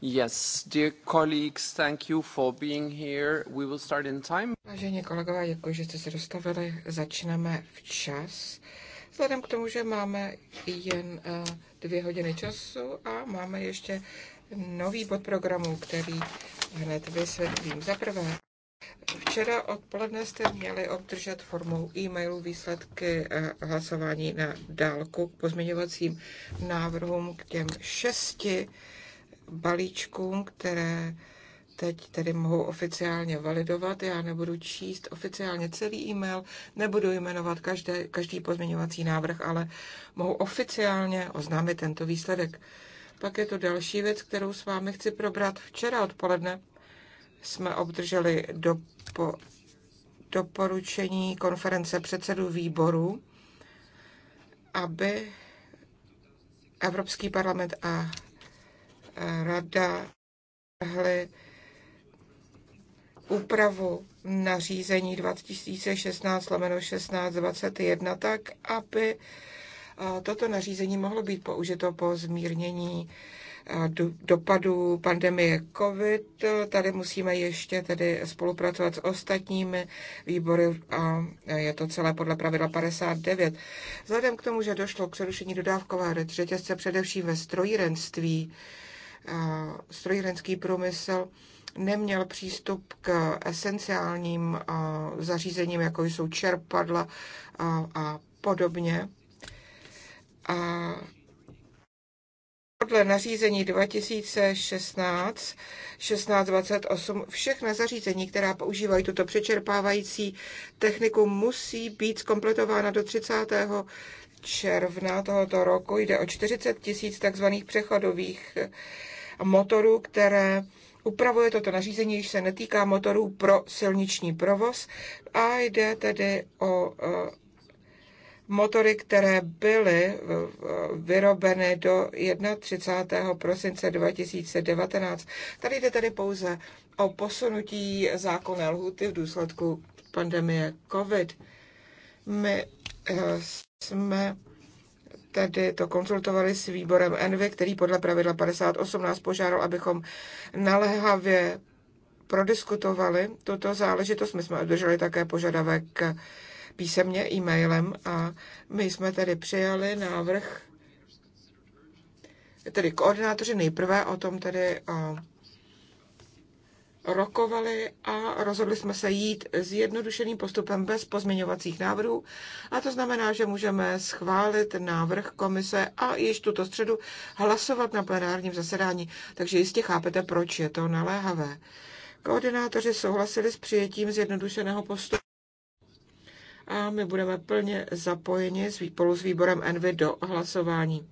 Yes, dear colleagues, thank you for being here. We will start in time. Vážení kolegové, děkuji, že jste se dostavili. Začneme včas. Vzhledem k tomu, že máme jen eh, dvě hodiny času a máme ještě nový bod programu, který hned vysvětlím. Za prvé, Včera odpoledne jste měli obdržet formou e-mailu výsledky eh, hlasování na dálku k pozměňovacím návrhům k těm šesti balíčkům, které teď tedy mohou oficiálně validovat. Já nebudu číst oficiálně celý e-mail, nebudu jmenovat každé, každý pozměňovací návrh, ale mohu oficiálně oznámit tento výsledek. Pak je to další věc, kterou s vámi chci probrat. Včera odpoledne jsme obdrželi dopo, doporučení konference předsedů výboru, aby Evropský parlament a rada navrhly úpravu nařízení 2016 lomeno 1621 tak, aby toto nařízení mohlo být použito po zmírnění dopadů pandemie COVID. Tady musíme ještě tedy spolupracovat s ostatními výbory a je to celé podle pravidla 59. Vzhledem k tomu, že došlo k přerušení dodávkové řetězce především ve strojírenství, strojírenský průmysl neměl přístup k esenciálním zařízením, jako jsou čerpadla a podobně. A podle nařízení 2016 1628 všechna zařízení, která používají tuto přečerpávající techniku, musí být zkompletována do 30. června tohoto roku. Jde o 40 tisíc takzvaných přechodových motorů, které upravuje toto nařízení, již se netýká motorů pro silniční provoz a jde tedy o e, motory, které byly e, e, vyrobeny do 31. prosince 2019. Tady jde tedy pouze o posunutí zákonné lhuty v důsledku pandemie COVID. My jsme tedy to konzultovali s výborem Envy, který podle pravidla 58 nás požádal, abychom naléhavě prodiskutovali tuto záležitost. My jsme obdrželi také požadavek písemně e-mailem a my jsme tedy přijali návrh, tedy koordinátoři nejprve o tom tedy rokovali a rozhodli jsme se jít s jednodušeným postupem bez pozměňovacích návrhů. A to znamená, že můžeme schválit návrh komise a již tuto středu hlasovat na plenárním zasedání. Takže jistě chápete, proč je to naléhavé. Koordinátoři souhlasili s přijetím zjednodušeného postupu a my budeme plně zapojeni spolu s výborem Envy do hlasování.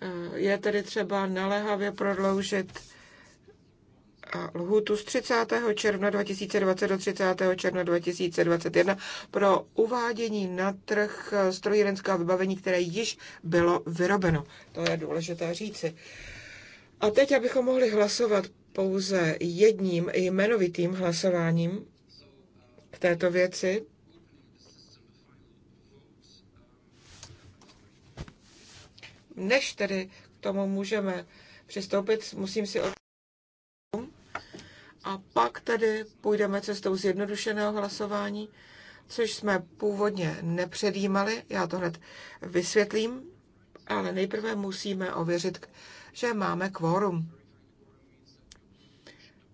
Eh, je tedy třeba naléhavě prodloužit a lhůtu z 30. června 2020 do 30. června 2021 pro uvádění na trh strojírenského vybavení, které již bylo vyrobeno. To je důležité říci. A teď, abychom mohli hlasovat pouze jedním jmenovitým hlasováním k této věci, než tedy k tomu můžeme přistoupit, musím si od a pak tedy půjdeme cestou zjednodušeného hlasování, což jsme původně nepředjímali. Já to hned vysvětlím, ale nejprve musíme ověřit, že máme kvórum.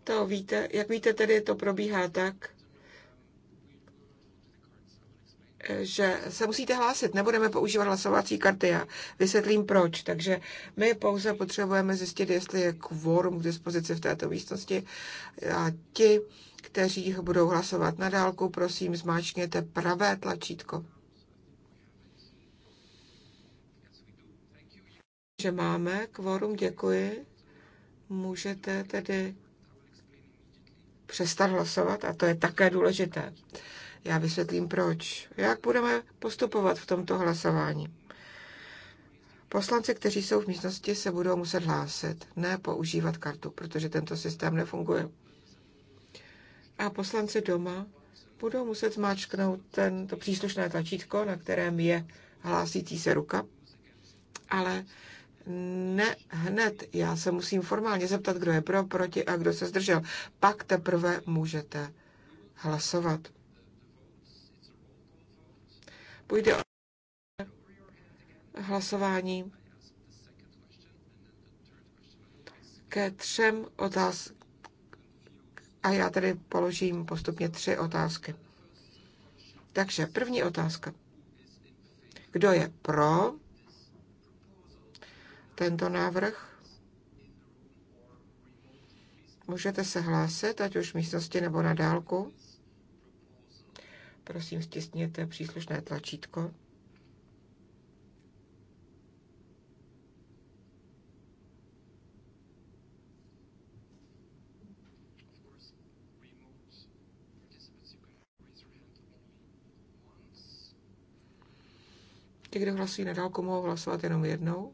To víte, jak víte, tedy to probíhá tak, že se musíte hlásit, nebudeme používat hlasovací karty Já vysvětlím proč. Takže my pouze potřebujeme zjistit, jestli je kvorum k dispozici v této místnosti a ti, kteří budou hlasovat na dálku, prosím, zmáčkněte pravé tlačítko. Že máme kvorum, děkuji. Můžete tedy přestat hlasovat a to je také důležité. Já vysvětlím proč. Jak budeme postupovat v tomto hlasování? Poslanci, kteří jsou v místnosti, se budou muset hlásit, ne používat kartu, protože tento systém nefunguje. A poslanci doma budou muset zmáčknout to příslušné tlačítko, na kterém je hlásící se ruka, ale ne hned. Já se musím formálně zeptat, kdo je pro, proti a kdo se zdržel. Pak teprve můžete hlasovat. Půjde o hlasování ke třem otázkám. A já tady položím postupně tři otázky. Takže první otázka. Kdo je pro tento návrh? Můžete se hlásit, ať už v místnosti nebo na dálku. Prosím, stisněte příslušné tlačítko. Ti, kdo hlasují na dálku, mohou hlasovat jenom jednou.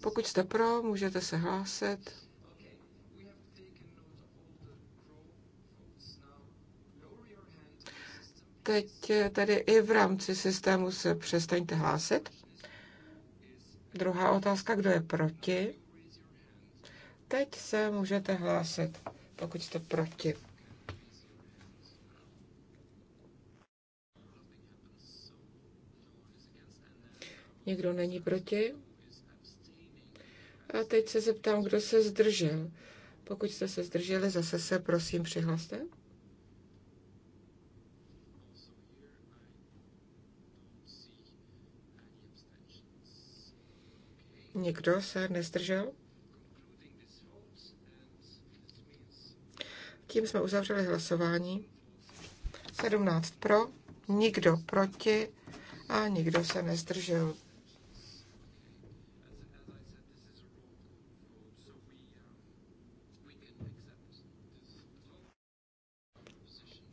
Pokud jste pro, můžete se hlásit. Teď eh, tady i v rámci systému se přestaňte hlásit. Druhá otázka, kdo je proti? Teď se můžete hlásit, pokud jste proti. Nikdo není proti? A teď se zeptám, kdo se zdržel. Pokud jste se zdrželi, zase se prosím přihlaste. Nikdo se nezdržel? Tím jsme uzavřeli hlasování. 17 pro, nikdo proti a nikdo se nezdržel.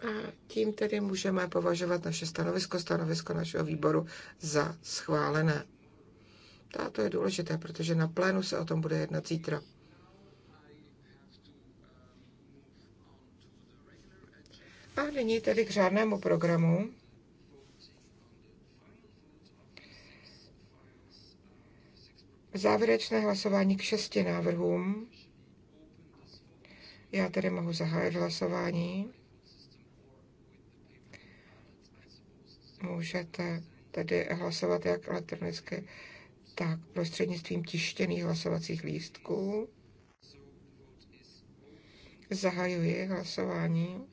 A tím tedy můžeme považovat naše stanovisko, stanovisko našeho výboru za schválené. A to je důležité, protože na plénu se o tom bude jednat zítra. A nyní tedy k řádnému programu. Závěrečné hlasování k šesti návrhům. Já tedy mohu zahájit hlasování. Můžete tedy hlasovat jak elektronicky, tak prostřednictvím tištěných hlasovacích lístků. Zahajuji hlasování.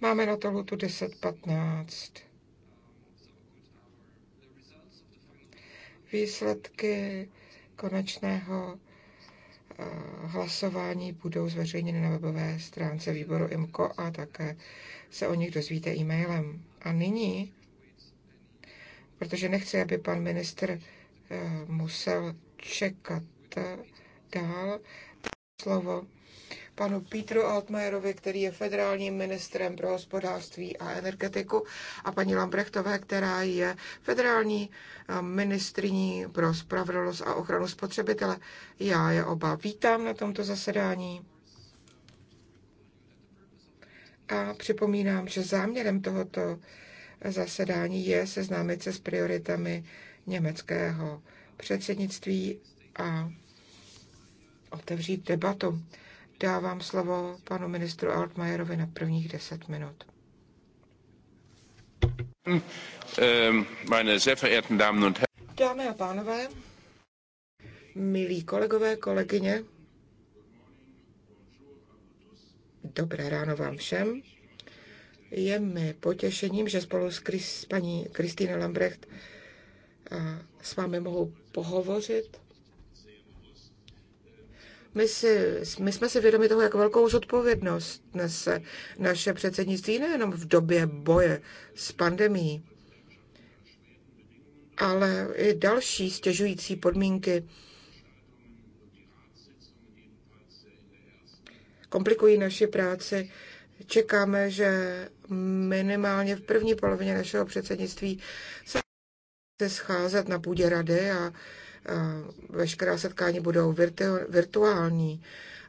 Máme na to lutu 10.15. Výsledky konečného eh, hlasování budou zveřejněny na webové stránce výboru IMKO a také se o nich dozvíte e-mailem. A nyní, protože nechci, aby pan ministr eh, musel čekat eh, dál, slovo panu Petru Altmajerovi, který je federálním ministrem pro hospodářství a energetiku, a paní Lambrechtové, která je federální eh, ministriní pro spravedlnost a ochranu spotřebitele. Já je oba vítám na tomto zasedání. A připomínám, že záměrem tohoto zasedání je seznámit se s prioritami německého předsednictví a otevřít debatu dávám slovo panu ministru Altmajerovi na prvních deset minut. Ehm, Dámy a pánové, milí kolegové, kolegyně, dobré ráno vám všem. Je mi potěšením, že spolu s Chris, paní Kristýnou Lambrecht s vámi mohu pohovořit my, si, my jsme si vědomi toho, jak velkou zodpovědnost nese naše předsednictví nejenom v době boje s pandemí, ale i další stěžující podmínky komplikují naši práci. Čekáme, že minimálně v první polovině našeho předsednictví se scházet na půdě rady a veškerá setkání budou virtuální.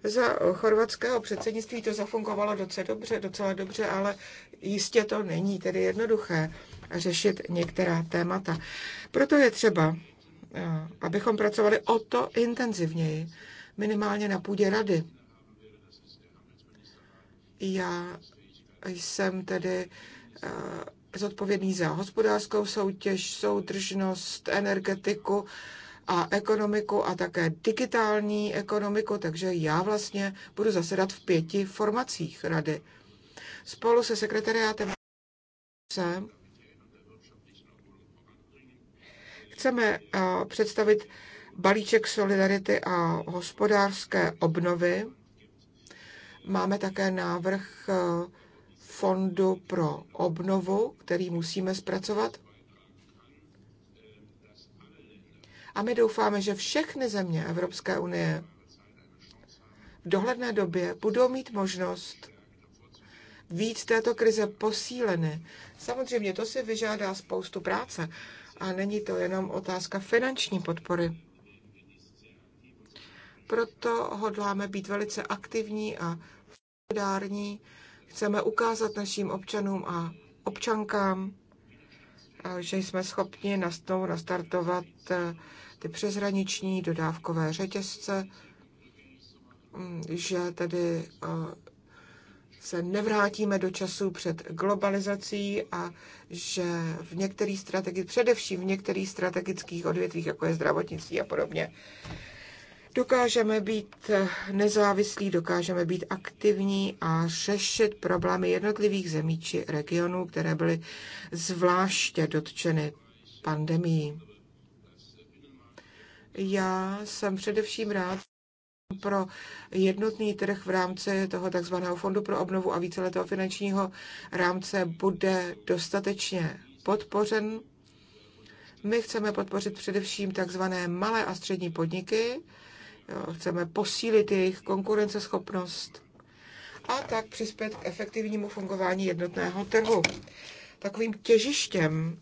Za chorvatského předsednictví to zafungovalo docela dobře, docela dobře, ale jistě to není tedy jednoduché řešit některá témata. Proto je třeba, abychom pracovali o to intenzivněji, minimálně na půdě rady. Já jsem tedy zodpovědný za hospodářskou soutěž, soudržnost, energetiku, a ekonomiku a také digitální ekonomiku, takže já vlastně budu zasedat v pěti formacích rady. Spolu se sekretariátem chceme eh, představit balíček solidarity a hospodářské obnovy. Máme také návrh eh, fondu pro obnovu, který musíme zpracovat. A my doufáme, že všechny země Evropské unie v dohledné době budou mít možnost víc této krize posíleny. Samozřejmě to si vyžádá spoustu práce a není to jenom otázka finanční podpory. Proto hodláme být velice aktivní a solidární. Chceme ukázat našim občanům a občankám, že jsme schopni nastartovat eh, ty přeshraniční dodávkové řetězce, mm, že tedy eh, se nevrátíme do času před globalizací a že v některých strategických, především v některých strategických odvětvích, jako je zdravotnictví a podobně, dokážeme být eh, nezávislí, dokážeme být aktivní a řešit problémy jednotlivých zemí či regionů, které byly zvláště dotčeny pandemií. Já jsem především rád pro jednotný trh v rámci toho takzvaného fondu pro obnovu a víceletého finančního rámce bude dostatečně podpořen. My chceme podpořit především takzvané malé a střední podniky, chceme posílit jejich konkurenceschopnost a tak přispět k efektivnímu fungování jednotného trhu. Takovým těžištěm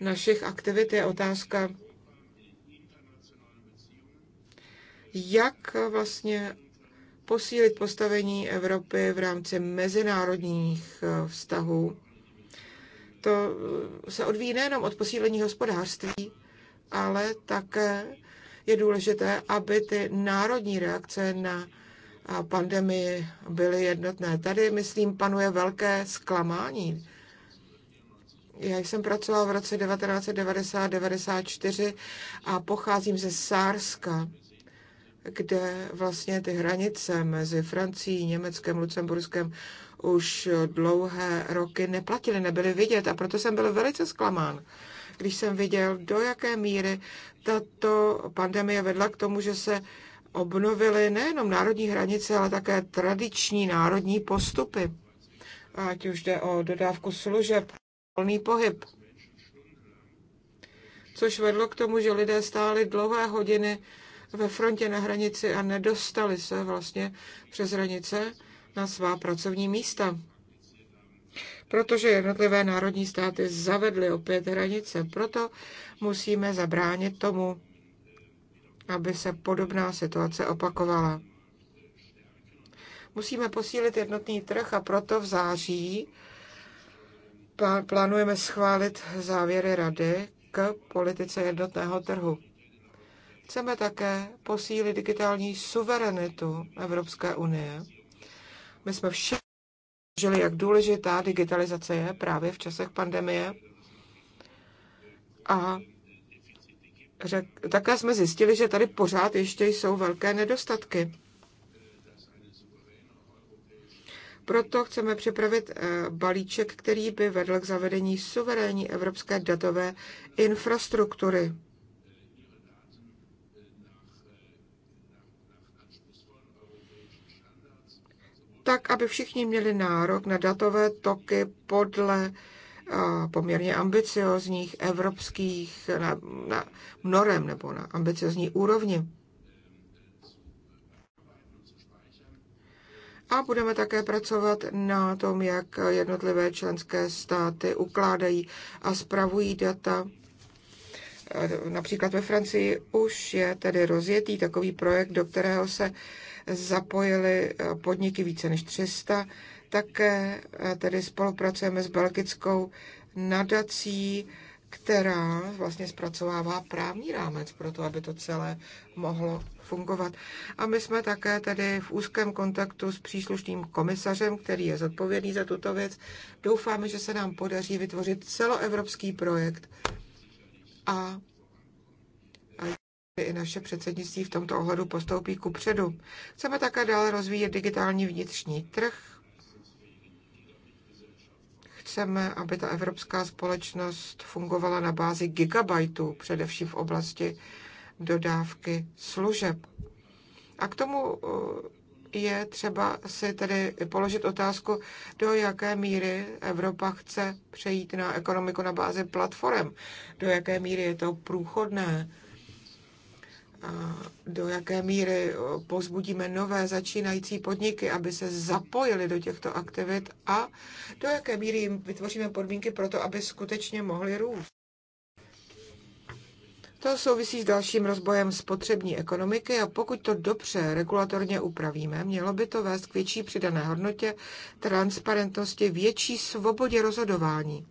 našich aktivit je otázka jak vlastně posílit postavení Evropy v rámci mezinárodních eh, vztahů. To eh, se odvíjí nejenom od posílení hospodářství, ale také je důležité, aby ty národní reakce na eh, pandemii byly jednotné. Tady, myslím, panuje velké zklamání. Já jsem pracovala v roce 1990-94 a pocházím ze Sárska kde vlastně ty hranice mezi Francií, Německem, Lucemburskem už dlouhé roky neplatily, nebyly vidět a proto jsem byl velice zklamán, když jsem viděl, do jaké míry tato pandemie vedla k tomu, že se obnovily nejenom národní hranice, ale také tradiční národní postupy. Ať už jde o dodávku služeb, volný pohyb. Což vedlo k tomu, že lidé stáli dlouhé hodiny ve frontě na hranici a nedostali se vlastně přes hranice na svá pracovní místa. Protože jednotlivé národní státy zavedly opět hranice, proto musíme zabránit tomu, aby se podobná situace opakovala. Musíme posílit jednotný trh a proto v září plánujeme schválit závěry rady k politice jednotného trhu. Chceme také posílit digitální suverenitu Evropské unie. My jsme všichni žili, jak důležitá digitalizace je právě v časech pandemie. A řek, také jsme zjistili, že tady pořád ještě jsou velké nedostatky. Proto chceme připravit eh, balíček, který by vedl k zavedení suverénní evropské datové infrastruktury. tak aby všichni měli nárok na datové toky podle eh, poměrně ambiciozních evropských na, na norem nebo na ambiciozní úrovni. A budeme také pracovat na tom, jak jednotlivé členské státy ukládají a spravují data. Eh, například ve Francii už je tedy rozjetý takový projekt, do kterého se zapojili eh, podniky více než 300. Také eh, tedy spolupracujeme s belgickou nadací, která vlastně zpracovává právní rámec pro to, aby to celé mohlo fungovat. A my jsme také tedy v úzkém kontaktu s příslušným komisařem, který je zodpovědný za tuto věc. Doufáme, že se nám podaří vytvořit celoevropský projekt a i naše předsednictví v tomto ohledu postoupí ku předu. Chceme také dále rozvíjet digitální vnitřní trh. Chceme, aby ta evropská společnost fungovala na bázi gigabajtů, především v oblasti dodávky služeb. A k tomu uh, je třeba si tedy položit otázku, do jaké míry Evropa chce přejít na ekonomiku na bázi platform, do jaké míry je to průchodné do jaké míry eh, pozbudíme nové začínající podniky, aby se zapojili do těchto aktivit a do jaké míry jim vytvoříme podmínky pro to, aby skutečně mohli růst. To souvisí s dalším rozbojem spotřební ekonomiky a pokud to dobře regulatorně upravíme, mělo by to vést k větší přidané hodnotě, transparentnosti, větší svobodě rozhodování.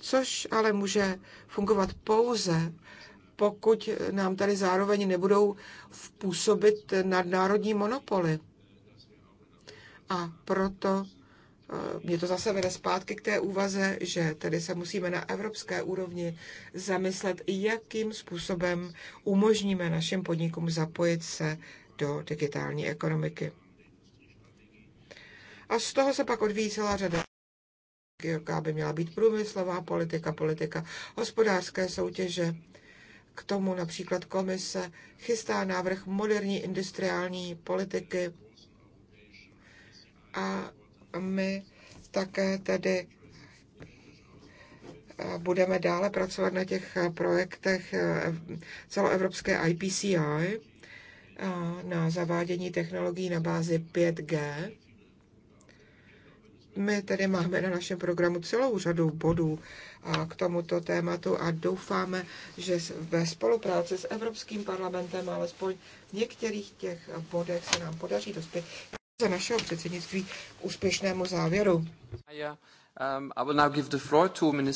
Což ale může fungovat pouze pokud nám tady zároveň nebudou vpůsobit nadnárodní monopoly. A proto eh, mě to zase vede zpátky k té úvaze, že tedy se musíme na evropské úrovni zamyslet, jakým způsobem umožníme našim podnikům zapojit se do digitální ekonomiky. A z toho se pak odvíjí celá řada jaká by měla být průmyslová politika, politika hospodářské soutěže k tomu například komise chystá návrh moderní industriální politiky a my také tedy eh, budeme dále pracovat na těch eh, projektech eh, celoevropské IPCI na zavádění technologií na bázi 5G. My tedy máme na našem programu celou řadu bodů k tomuto tématu a doufáme, že ve spolupráci s Evropským parlamentem alespoň v některých těch bodech se nám podaří dospět za našeho předsednictví k úspěšnému závěru. Um,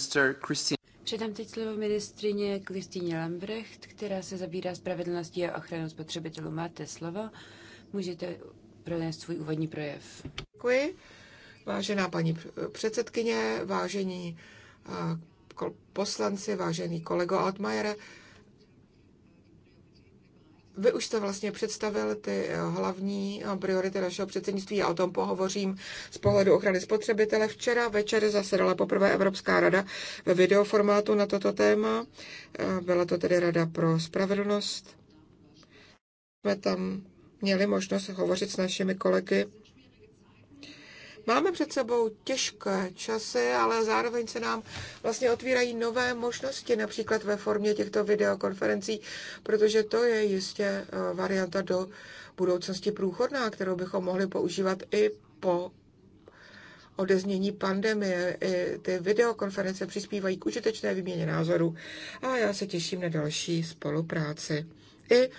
Předám teď slovo ministrině Kristýně Lambrecht, která se zabírá spravedlností a ochranou spotřebitelů. Máte slovo, můžete pronést svůj úvodní projev. Děkuji. Vážená paní předsedkyně, vážení eh, poslanci, vážený kolego Altmajere, vy už jste vlastně představil ty eh, hlavní eh, priority našeho předsednictví, já o tom pohovořím z pohledu ochrany spotřebitele. Včera večer zasedala poprvé Evropská rada ve videoformátu na toto téma. Byla to tedy Rada pro spravedlnost. Jsme tam měli možnost hovořit s našimi kolegy Máme před sebou těžké časy, ale zároveň se nám vlastně otvírají nové možnosti, například ve formě těchto videokonferencí, protože to je jistě eh, varianta do budoucnosti průchodná, kterou bychom mohli používat i po odeznění pandemie. I ty videokonference přispívají k užitečné výměně názorů a já se těším na další spolupráci. I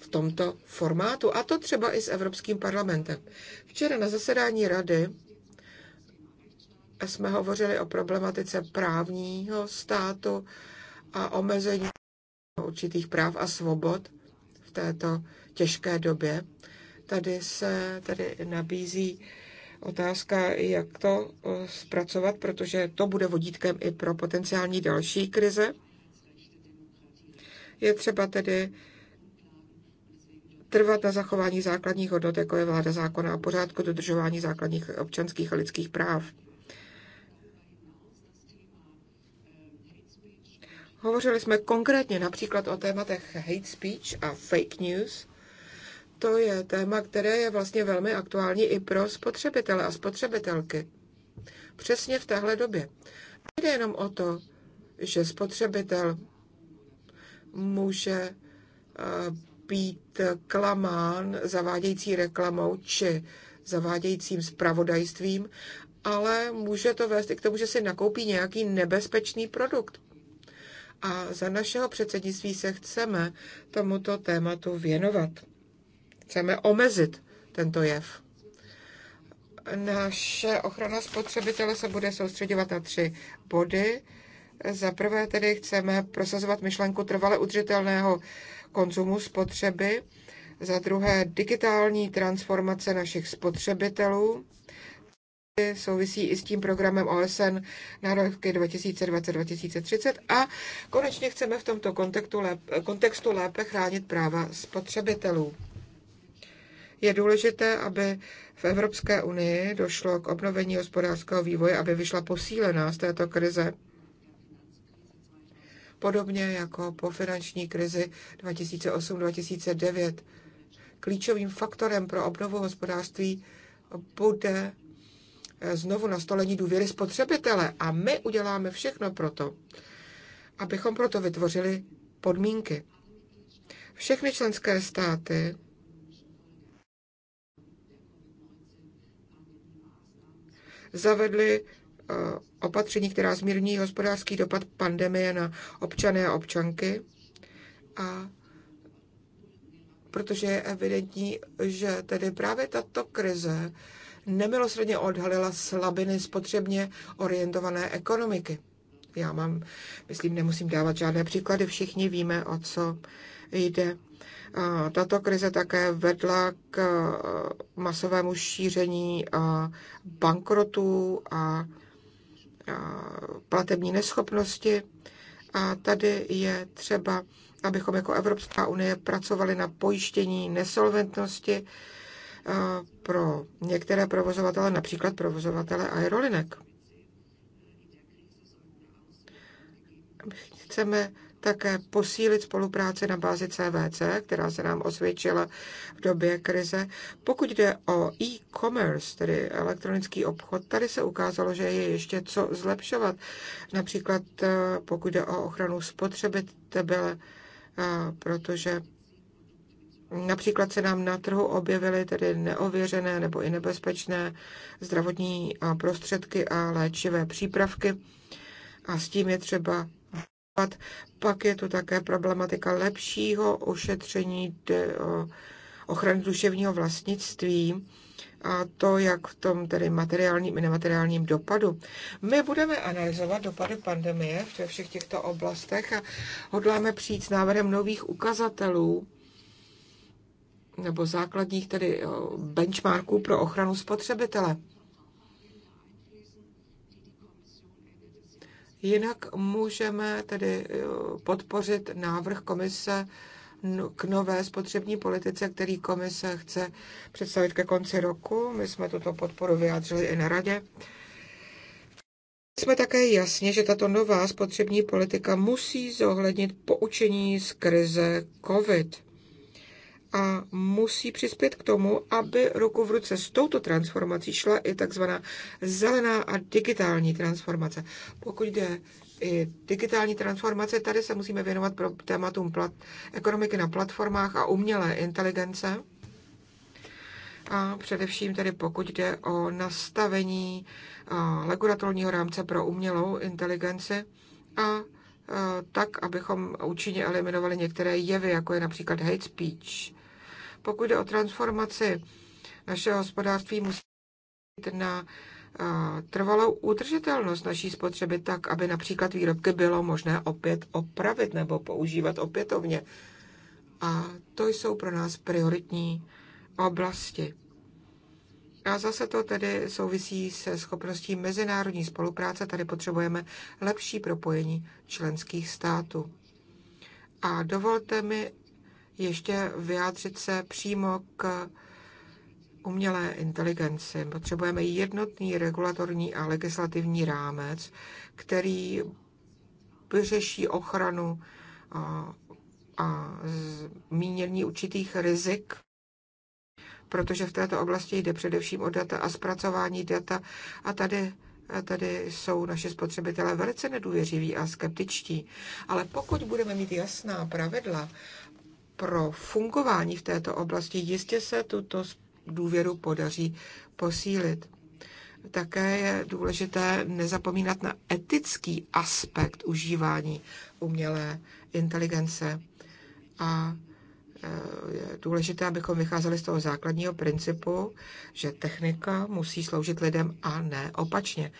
v tomto formátu, a to třeba i s Evropským parlamentem. Včera na zasedání rady jsme hovořili o problematice právního státu a omezení určitých práv a svobod v této těžké době. Tady se tady nabízí otázka, jak to eh, zpracovat, protože to bude vodítkem i pro potenciální další krize. Je třeba tedy trvat na zachování základních hodnot, jako je vláda zákona a pořádku dodržování základních občanských a lidských práv. Hovořili jsme konkrétně například o tématech hate speech a fake news. To je téma, které je vlastně velmi aktuální i pro spotřebitele a spotřebitelky. Přesně v téhle době. Nejde jenom o to, že spotřebitel může eh, být klamán zavádějící reklamou či zavádějícím spravodajstvím, ale může to vést i k tomu, že si nakoupí nějaký nebezpečný produkt a za našeho předsednictví se chceme tomuto tématu věnovat. Chceme omezit tento jev. Naše ochrana spotřebitele se bude soustředovat na tři body. Za prvé tedy chceme prosazovat myšlenku trvale udržitelného konzumu spotřeby, za druhé digitální transformace našich spotřebitelů, souvisí i s tím programem OSN na roky 2020-2030 a konečně chceme v tomto kontextu lépe, kontextu lépe chránit práva spotřebitelů. Je důležité, aby v Evropské unii došlo k obnovení hospodářského vývoje, aby vyšla posílená z této krize, podobně jako po finanční krizi 2008-2009. Klíčovým faktorem pro obnovu hospodářství bude znovu nastolení důvěry spotřebitele. A my uděláme všechno proto, abychom proto vytvořili podmínky. Všechny členské státy zavedly eh, opatření, která zmírní hospodářský dopad pandemie na občany a občanky. A protože je evidentní, že tedy právě tato krize nemilosrdně odhalila slabiny spotřebně orientované ekonomiky. Já mám, myslím, nemusím dávat žádné příklady, všichni víme, o co jde. Tato krize také vedla k e, masovému šíření e, bankrotů a platební neschopnosti. A tady je třeba, abychom jako Evropská unie pracovali na pojištění nesolventnosti, pro některé provozovatele, například provozovatele aerolinek. Chceme také posílit spolupráci na bázi CVC, která se nám osvědčila v době krize. Pokud jde o e-commerce, tedy elektronický obchod, tady se ukázalo, že je ještě co zlepšovat. Například eh, pokud jde o ochranu spotřebitele, eh, protože Například se nám na trhu objevily tedy neověřené nebo i nebezpečné zdravotní prostředky a léčivé přípravky a s tím je třeba bojovat. Pak je tu také problematika lepšího ošetření ochrany duševního vlastnictví a to, jak v tom tedy materiálním i nemateriálním dopadu. My budeme analyzovat dopady pandemie ve všech těchto oblastech a hodláme přijít s návrhem nových ukazatelů, nebo základních tedy eh, benchmarků pro ochranu spotřebitele. Jinak můžeme tedy eh, podpořit návrh komise k nové spotřební politice, který komise chce představit ke konci roku. My jsme tuto podporu vyjádřili i na radě. Jsme také jasně, že tato nová spotřební politika musí zohlednit poučení z krize COVID a musí přispět k tomu, aby ruku v ruce s touto transformací šla i takzvaná zelená a digitální transformace. Pokud jde i digitální transformace, tady se musíme věnovat pro tématům plat, ekonomiky na platformách a umělé inteligence. A především tedy pokud jde o nastavení regulatorního rámce pro umělou inteligenci a tak, abychom účinně eliminovali některé jevy, jako je například hate speech. Pokud jde o transformaci našeho hospodářství, musí být na trvalou udržitelnost naší spotřeby tak, aby například výrobky bylo možné opět opravit nebo používat opětovně. A to jsou pro nás prioritní oblasti. A zase to tedy souvisí se schopností mezinárodní spolupráce. Tady potřebujeme lepší propojení členských států. A dovolte mi ještě vyjádřit se přímo k umělé inteligenci. Potřebujeme jednotný regulatorní a legislativní rámec, který vyřeší ochranu a, a zmínění určitých rizik protože v této oblasti jde především o data a zpracování data a tady a tady jsou naše spotřebitelé velice nedůvěřiví a skeptičtí. Ale pokud budeme mít jasná pravidla pro fungování v této oblasti jistě se tuto důvěru podaří posílit. Také je důležité nezapomínat na etický aspekt užívání umělé inteligence. A e, je důležité, abychom vycházeli z toho základního principu, že technika musí sloužit lidem a ne opačně.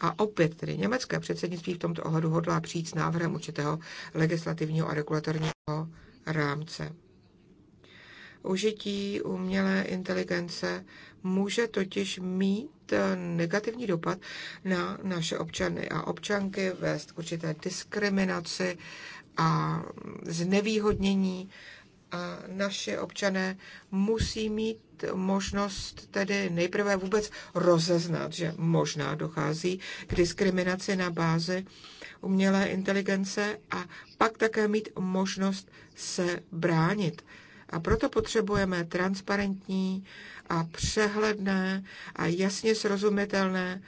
A opět tedy německé předsednictví v tomto ohledu hodlá přijít s návrhem určitého legislativního a regulatorního rámce. Užití umělé inteligence může totiž mít eh, negativní dopad na naše občany a občanky, vést k určité diskriminaci a znevýhodnění. A naše občané musí mít možnost tedy nejprve vůbec rozeznat, že možná dochází k diskriminaci na bázi umělé inteligence a pak také mít možnost se bránit. A proto potřebujeme transparentní a přehledné a jasně srozumitelné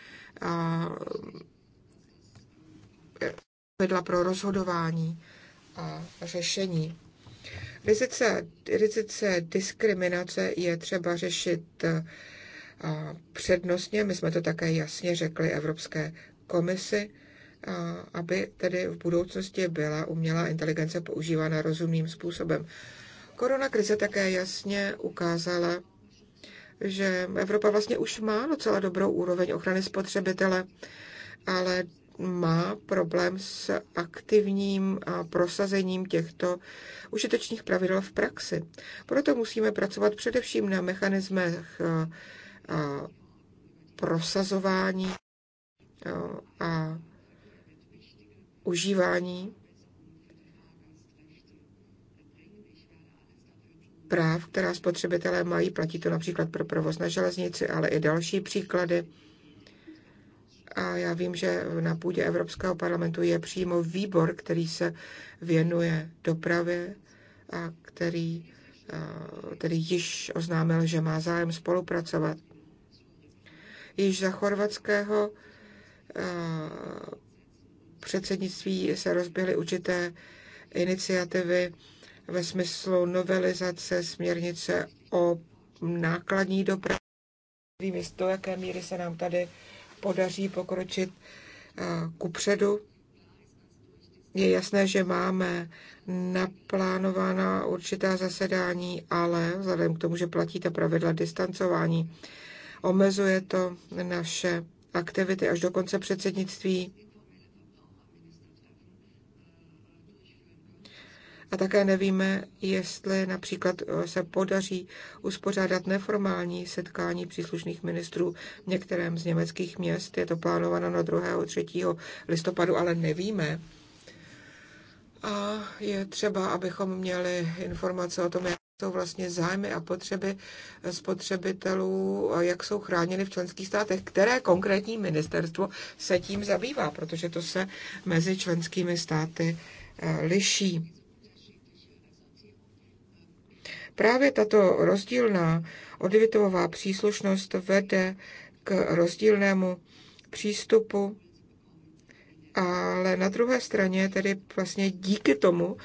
vedla pro rozhodování a řešení. Rizice, rizice diskriminace je třeba řešit přednostně, my jsme to také jasně řekli Evropské komisi, aby tedy v budoucnosti byla umělá inteligence používána rozumným způsobem. Korona krize také jasně ukázala, že Evropa vlastně už má docela dobrou úroveň ochrany spotřebitele, ale má problém s aktivním prosazením těchto užitečných pravidel v praxi. Proto musíme pracovat především na mechanismech prosazování a užívání práv, která spotřebitelé mají. Platí to například pro provoz na železnici, ale i další příklady. A já vím, že na půdě Evropského parlamentu je přímo výbor, který se věnuje dopravě a který tedy již oznámil, že má zájem spolupracovat. Již za chorvatského předsednictví se rozběhly určité iniciativy ve smyslu novelizace směrnice o nákladní dopravě. Vím, do jaké míry se nám tady podaří pokročit eh, ku předu. Je jasné, že máme naplánována určitá zasedání, ale vzhledem k tomu, že platí ta pravidla distancování, omezuje to naše aktivity až do konce předsednictví. A také nevíme, jestli například eh, se podaří uspořádat neformální setkání příslušných ministrů v některém z německých měst. Je to plánováno na 2. 3. listopadu, ale nevíme. A je třeba, abychom měli informace o tom, jak jsou vlastně zájmy a potřeby spotřebitelů, jak jsou chráněny v členských státech, které konkrétní ministerstvo se tím zabývá, protože to se mezi členskými státy eh, liší. Právě tato rozdílná odvětvová příslušnost vede k rozdílnému přístupu, ale na druhé straně tedy vlastně díky tomu um,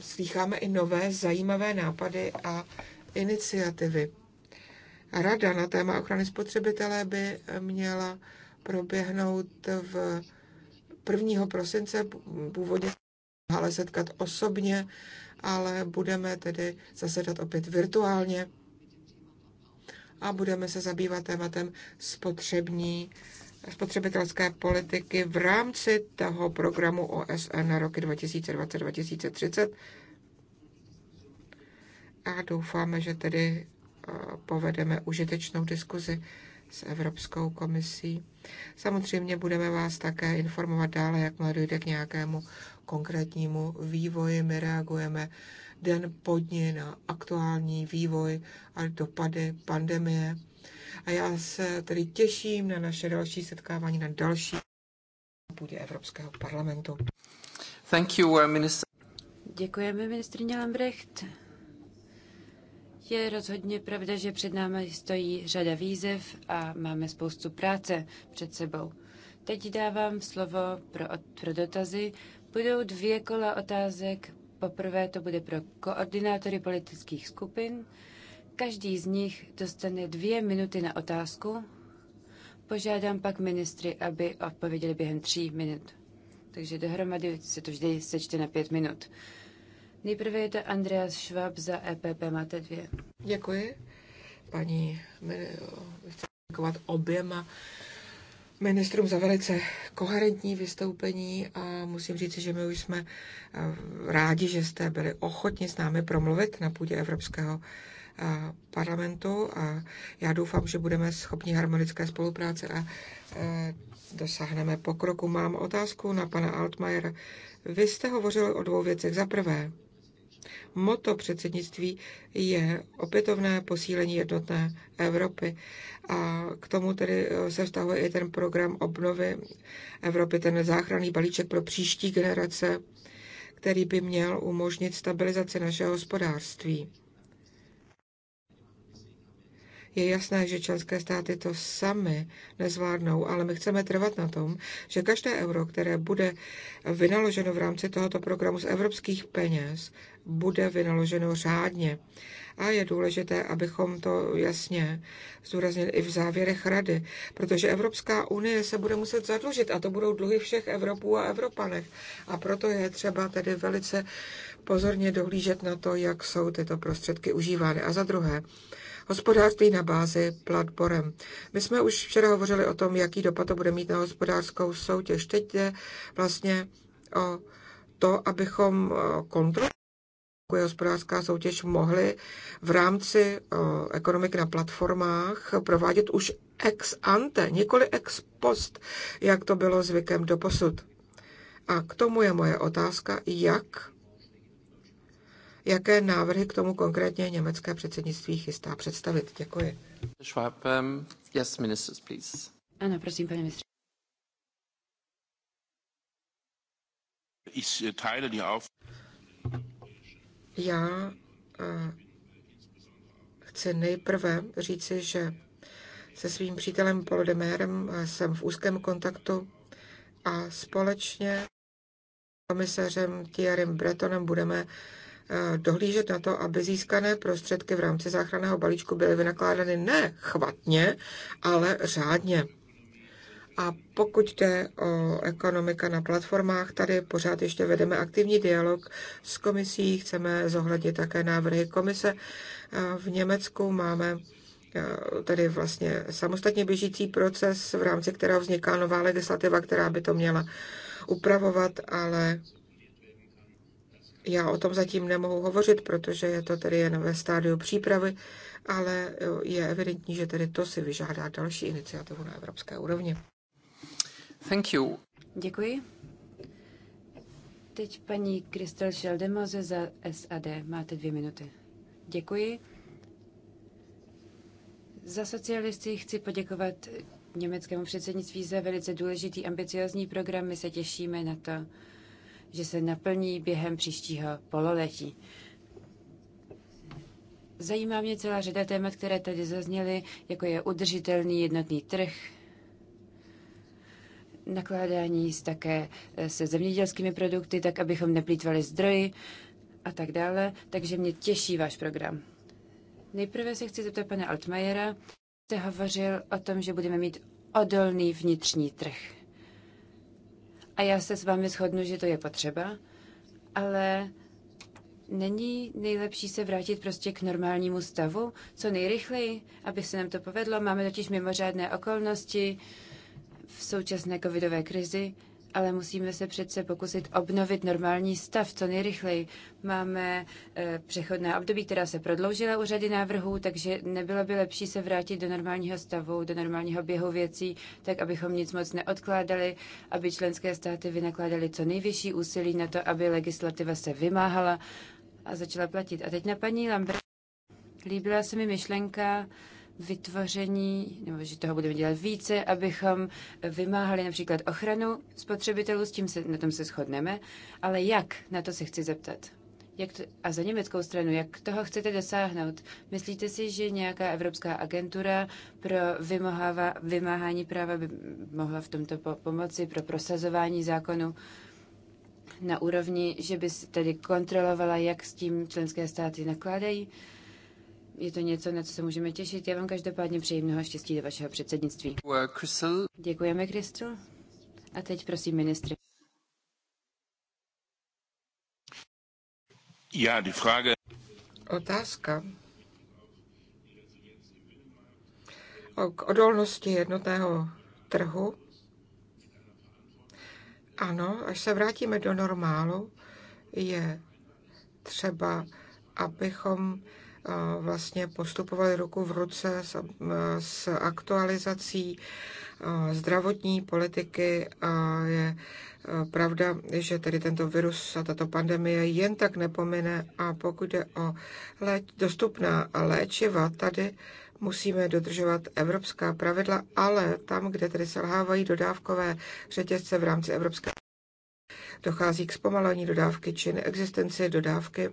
slycháme i nové zajímavé nápady a iniciativy. Rada na téma ochrany spotřebitele by měla proběhnout v 1. prosince. Původně se setkat osobně ale budeme tedy zasedat opět virtuálně a budeme se zabývat tématem spotřební spotřebitelské politiky v rámci toho programu OSN na roky 2020-2030. A doufáme, že tedy eh, povedeme užitečnou diskuzi s Evropskou komisí. Samozřejmě budeme vás také informovat dále, jak dojde k nějakému konkrétnímu vývoji. My reagujeme den po dní na aktuální vývoj a dopady pandemie. A já se tedy těším na naše další setkávání, na další půdě Evropského parlamentu. Thank you, uh, minister. Děkujeme, ministrině Lambrecht. Je rozhodně pravda, že před námi stojí řada výzev a máme spoustu práce před sebou. Teď dávám slovo pro, pro dotazy. Budou dvě kola otázek. Poprvé to bude pro koordinátory politických skupin. Každý z nich dostane dvě minuty na otázku. Požádám pak ministry, aby odpověděli během tří minut. Takže dohromady se to vždy sečte na pět minut. Nejprve je to Andreas Schwab za EPP, máte dvě. Děkuji, paní, chci děkovat oběma ministrům za velice koherentní vystoupení a musím říct, že my už jsme eh, rádi, že jste byli ochotni s námi promluvit na půdě Evropského eh, parlamentu a já doufám, že budeme schopni harmonické spolupráce a eh, dosáhneme pokroku. Mám otázku na pana Altmajera. Vy jste hovořil o dvou věcech. Za prvé, Moto předsednictví je opětovné posílení jednotné Evropy. A k tomu tedy eh, se vztahuje i ten program obnovy Evropy, ten záchranný balíček pro příští generace, který by měl umožnit stabilizaci našeho hospodářství. Je jasné, že členské státy to sami nezvládnou, ale my chceme trvat na tom, že každé euro, které bude vynaloženo v rámci tohoto programu z evropských peněz, bude vynaloženo řádně. A je důležité, abychom to jasně zdůraznili i v závěrech rady, protože Evropská unie se bude muset zadlužit a to budou dluhy všech Evropů a Evropanech. A proto je třeba tedy velice pozorně dohlížet na to, jak jsou tyto prostředky užívány. A za druhé, hospodářství na bázi platborem. My jsme už včera hovořili o tom, jaký dopad to bude mít na hospodářskou soutěž. Teď je vlastně o to, abychom eh, kontrolovali hospodářská soutěž mohli v rámci eh, ekonomik na platformách provádět už ex ante, nikoli ex post, jak to bylo zvykem do posud. A k tomu je moje otázka, jak jaké návrhy k tomu konkrétně německé předsednictví chystá představit. Děkuji. Schwab, um, yes, ministers, please. Ano, prosím, pane ministře. Ich äh, teile die auf. Já uh, chci nejprve říci, že se svým přítelem Polodemérem eh, jsem v úzkém kontaktu a společně komisařem Thierrym Bretonem budeme Eh, dohlížet na to, aby získané prostředky v rámci záchranného balíčku byly vynakládány ne chvatně, ale řádně. A pokud jde o ekonomika na platformách, tady pořád ještě vedeme aktivní dialog s komisí, chceme zohlednit také návrhy komise. Eh, v Německu máme eh, tady vlastně samostatně běžící proces, v rámci kterého vzniká nová legislativa, která by to měla upravovat, ale já o tom zatím nemohu hovořit, protože je to tedy jen ve stádiu přípravy, ale je evidentní, že tedy to si vyžádá další iniciativu na evropské úrovni. Thank you. Děkuji. Teď paní Kristel Šeldemoze za SAD. Máte dvě minuty. Děkuji. Za socialisty chci poděkovat německému předsednictví za velice důležitý ambiciozní program. My se těšíme na to, že se naplní během příštího pololetí. Zajímá mě celá řada témat, které tady zazněly, jako je udržitelný jednotný trh, nakládání s také eh, se zemědělskými produkty, tak abychom neplýtvali zdroji a tak dále. Takže mě těší váš program. Nejprve se chci zeptat pana Altmajera. Jste hovořil o tom, že budeme mít odolný vnitřní trh a já se s vámi shodnu, že to je potřeba, ale není nejlepší se vrátit prostě k normálnímu stavu, co nejrychleji, aby se nám to povedlo. Máme totiž mimořádné okolnosti v současné covidové krizi ale musíme se přece pokusit obnovit normální stav co nejrychleji. Máme eh, přechodné období, která se prodloužila u řady návrhů, takže nebylo by lepší se vrátit do normálního stavu, do normálního běhu věcí, tak abychom nic moc neodkládali, aby členské státy vynakládaly co nejvyšší úsilí na to, aby legislativa se vymáhala a začala platit. A teď na paní Lambert. Líbila se mi myšlenka, vytvoření, nebo že toho budeme dělat více, abychom vymáhali například ochranu spotřebitelů, s tím se, na tom se shodneme, ale jak, na to se chci zeptat. Jak to, a za německou stranu, jak toho chcete dosáhnout? Myslíte si, že nějaká evropská agentura pro vymohává, vymáhání práva by mohla v tomto po, pomoci pro prosazování zákonu na úrovni, že by tedy kontrolovala, jak s tím členské státy nakládají? Uh, je to něco, na co se můžeme těšit. Já vám každopádně přeji mnoho štěstí do vašeho předsednictví. Děkujeme, Kristl. A teď prosím ministry. Ja, die Frage. Otázka k odolnosti jednotného trhu. Ano, až se vrátíme do normálu, je třeba, abychom vlastně postupovaly ruku v ruce s, s aktualizací zdravotní politiky a je pravda, že tedy tento virus a tato pandemie jen tak nepomine a pokud je o léč, dostupná léčiva, tady musíme dodržovat evropská pravidla, ale tam, kde tedy selhávají dodávkové řetězce v rámci evropské dochází k zpomalení dodávky či neexistenci dodávky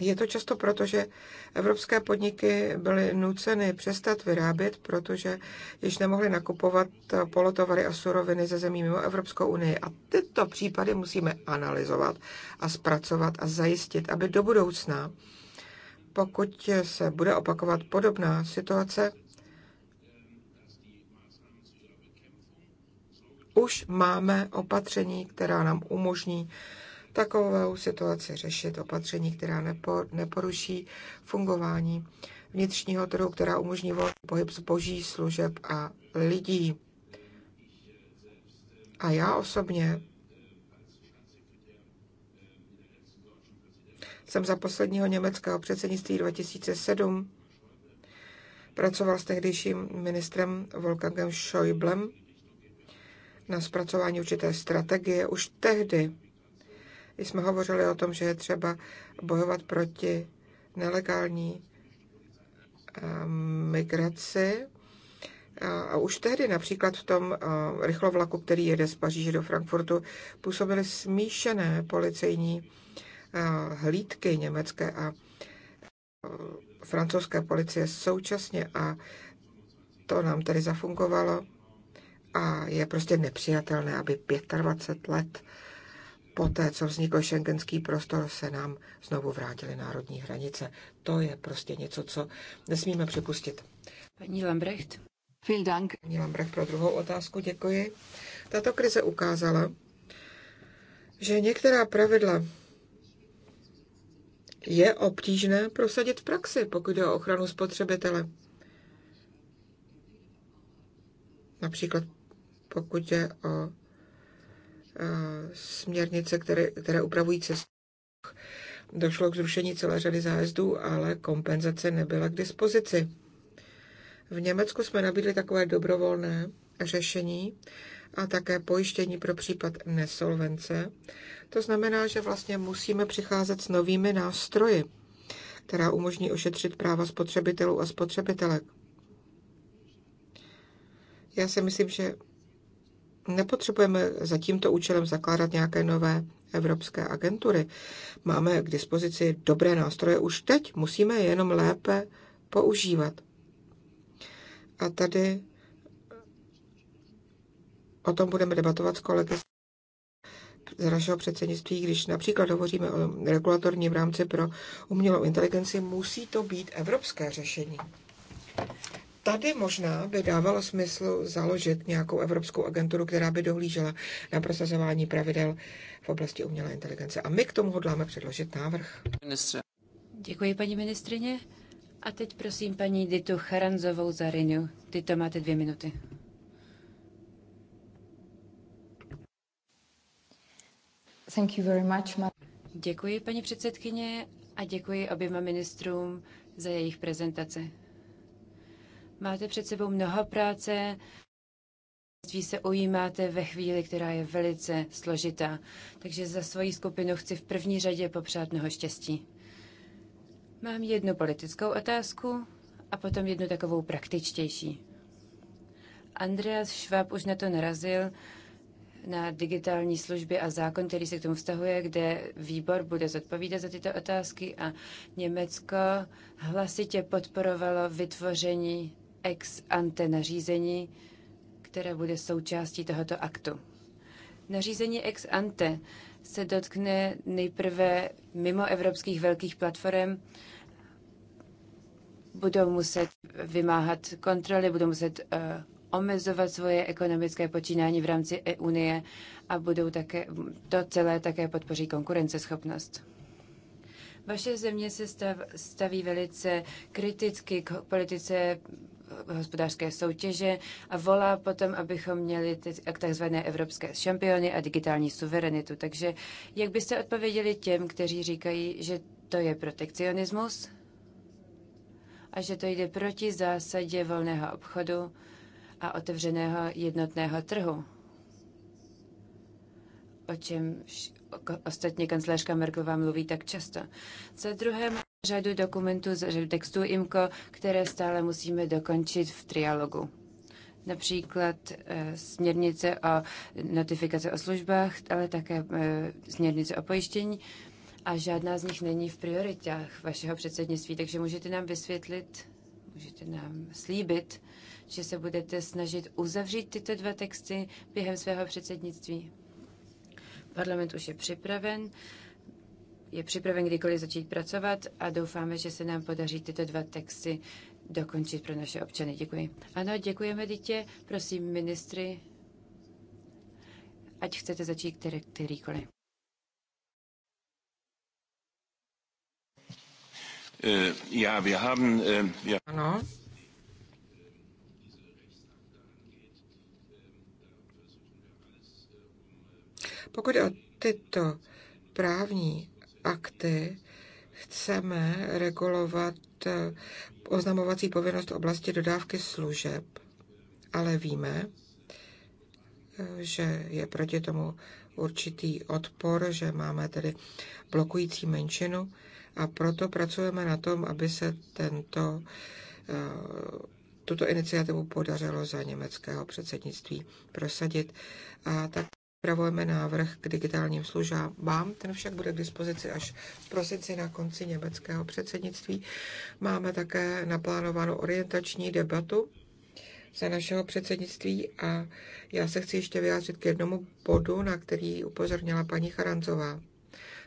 je to často proto, že evropské podniky byly nuceny přestat vyrábět, protože již nemohly nakupovat polotovary a suroviny ze zemí mimo Evropskou unii. A tyto případy musíme analyzovat a zpracovat a zajistit, aby do budoucna, pokud se bude opakovat podobná situace, už máme opatření, která nám umožní takovou situaci řešit opatření, která nepo, neporuší fungování vnitřního trhu, která umožní volný pohyb zboží, služeb a lidí. A já osobně jsem za posledního německého předsednictví 2007 pracoval s tehdejším ministrem Wolfgangem Schäublem na zpracování určité strategie. Už tehdy jsme hovořili o tom, že je třeba bojovat proti nelegální eh, migraci. A už tehdy například v tom eh, rychlovlaku, který jede z Paříže do Frankfurtu, působily smíšené policejní eh, hlídky německé a francouzské policie současně a to nám tedy zafungovalo a je prostě nepřijatelné, aby 25 let poté, co vznikl šengenský prostor, se nám znovu vrátily národní hranice. To je prostě něco, co nesmíme připustit. Paní Lambrecht. Vielen Dank. Paní Lambrecht pro druhou otázku děkuji. Tato krize ukázala, že některá pravidla je obtížné prosadit v praxi, pokud jde o ochranu spotřebitele. Například pokud jde o směrnice, které, které upravují cestu. Došlo k zrušení celé řady zájezdů, ale kompenzace nebyla k dispozici. V Německu jsme nabídli takové dobrovolné řešení a také pojištění pro případ nesolvence. To znamená, že vlastně musíme přicházet s novými nástroji, která umožní ošetřit práva spotřebitelů a spotřebitelek. Já si myslím, že Nepotřebujeme za tímto účelem zakládat nějaké nové evropské agentury. Máme k dispozici dobré nástroje už teď, musíme je jenom lépe používat. A tady o tom budeme debatovat s kolegy z našeho předsednictví, když například hovoříme o regulatorním rámci pro umělou inteligenci, musí to být evropské řešení tady možná by dávalo smysl založit nějakou evropskou agenturu, která by dohlížela na prosazování pravidel v oblasti umělé inteligence. A my k tomu hodláme předložit návrh. Ministře. Děkuji, paní ministrině. A teď prosím paní Ditu Charanzovou za Rinu. Dito, máte dvě minuty. Thank you very much, ma- Děkuji, paní předsedkyně, a děkuji oběma ministrům za jejich prezentace. Máte před sebou mnoho práce, Vy se ujímáte ve chvíli, která je velice složitá. Takže za svoji skupinu chci v první řadě popřát mnoho štěstí. Mám jednu politickou otázku a potom jednu takovou praktičtější. Andreas Schwab už na to narazil na digitální služby a zákon, který se k tomu vztahuje, kde výbor bude zodpovídat za tyto otázky a Německo hlasitě podporovalo vytvoření ex ante nařízení, které bude součástí tohoto aktu. Nařízení ex ante se dotkne nejprve mimo evropských velkých platform, budou muset vymáhat kontroly, budou muset uh, omezovat svoje ekonomické počínání v rámci e Unie a budou také, to celé také podpoří konkurenceschopnost. Vaše země se stav, staví velice kriticky k politice hospodářské soutěže a volá potom, abychom měli tzv. evropské šampiony a digitální suverenitu. Takže jak byste odpověděli těm, kteří říkají, že to je protekcionismus a že to jde proti zásadě volného obchodu a otevřeného jednotného trhu? o čem ostatně kancelářka Merklová mluví tak často. Za druhé řadu dokumentů, řadu textů IMCO, které stále musíme dokončit v trialogu. Například e, směrnice o notifikaci o službách, ale také e, směrnice o pojištění a žádná z nich není v prioritách vašeho předsednictví, takže můžete nám vysvětlit, můžete nám slíbit, že se budete snažit uzavřít tyto dva texty během svého předsednictví. Parlament už je připraven je připraven kdykoliv začít pracovat a doufáme, že se nám podaří tyto dva texty dokončit pro naše občany. Děkuji. Ano, děkujeme, dítě. Prosím, ministry, ať chcete začít který, kterýkoliv. Ja, wir haben, ja. Ano. Pokud o tyto právní akty chceme regulovat eh, oznamovací povinnost v oblasti dodávky služeb, ale víme, eh, že je proti tomu určitý odpor, že máme tedy blokující menšinu a proto pracujeme na tom, aby se tento, eh, tuto iniciativu podařilo za německého předsednictví prosadit. A tak Připravujeme návrh k digitálním službám, ten však bude k dispozici až v prosinci na konci německého předsednictví. Máme také naplánovanou orientační debatu za našeho předsednictví a já se chci ještě vyjádřit k jednomu bodu, na který upozornila paní Charanzová.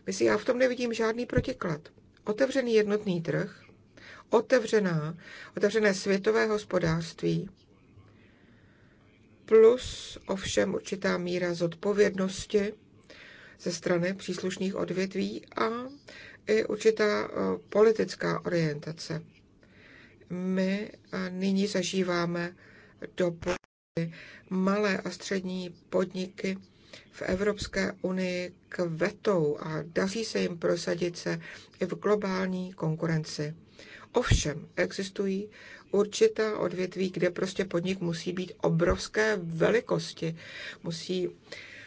Myslím, já v tom nevidím žádný protiklad. Otevřený jednotný trh, otevřená, otevřené světové hospodářství, plus ovšem určitá míra zodpovědnosti ze strany příslušných odvětví a i určitá eh, politická orientace. My eh, nyní zažíváme dobu, malé a střední podniky v Evropské unii kvetou a daří se jim prosadit se i v globální konkurenci. Ovšem existují určitá odvětví, kde prostě podnik musí být obrovské velikosti, musí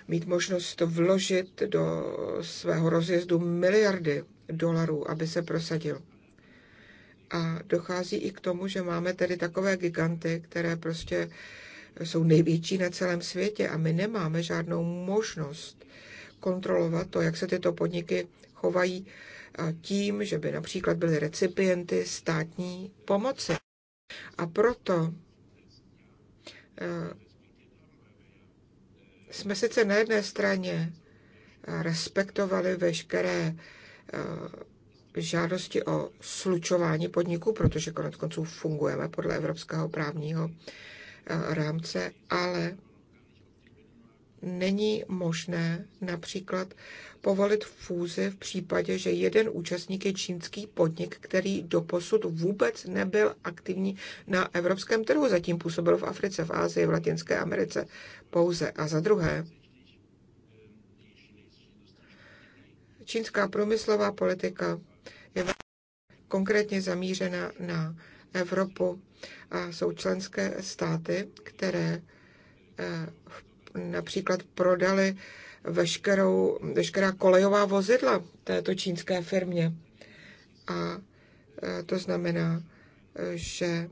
mít možnost vložit do svého rozjezdu miliardy dolarů, aby se prosadil. A dochází i k tomu, že máme tedy takové giganty, které prostě jsou největší na celém světě a my nemáme žádnou možnost kontrolovat to, jak se tyto podniky chovají tím, že by například byly recipienty státní pomoci. A proto eh, jsme sice na jedné straně eh, respektovali veškeré eh, žádosti o slučování podniků, protože konec konců fungujeme podle evropského právního rámce, ale není možné například povolit fúzi v případě, že jeden účastník je čínský podnik, který doposud vůbec nebyl aktivní na evropském trhu, zatím působil v Africe, v Ázii, v Latinské Americe pouze. A za druhé, čínská průmyslová politika je konkrétně zamířena na Evropu a jsou členské státy, které eh, v například prodali veškerou, veškerá kolejová vozidla této čínské firmě. A e, to znamená, že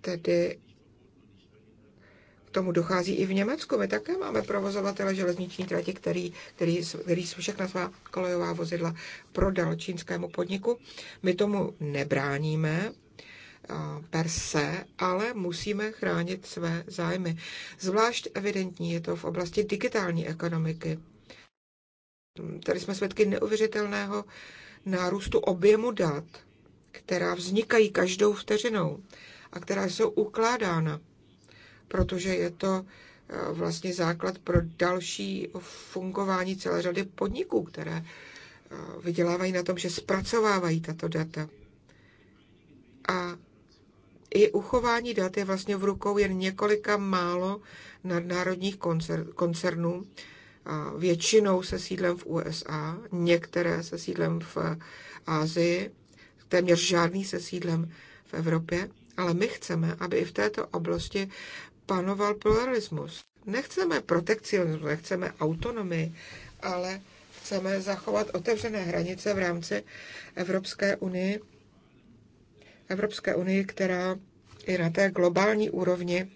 tedy k tomu dochází i v Německu. My také máme provozovatele železniční trati, který, který, který všechna svá kolejová vozidla prodal čínskému podniku. My tomu nebráníme, per se, ale musíme chránit své zájmy. Zvlášť evidentní je to v oblasti digitální ekonomiky. Tady jsme svědky neuvěřitelného nárůstu objemu dat, která vznikají každou vteřinou a která jsou ukládána, protože je to e, vlastně základ pro další fungování celé řady podniků, které e, vydělávají na tom, že zpracovávají tato data. A i uchování dat je vlastně v rukou jen několika málo nadnárodních koncernů, většinou se sídlem v USA, některé se sídlem v Asii, téměř žádný se sídlem v Evropě, ale my chceme, aby i v této oblasti panoval pluralismus. Nechceme protekcionismus, nechceme autonomii, ale chceme zachovat otevřené hranice v rámci Evropské unie Evropské unii, která i na té globální úrovni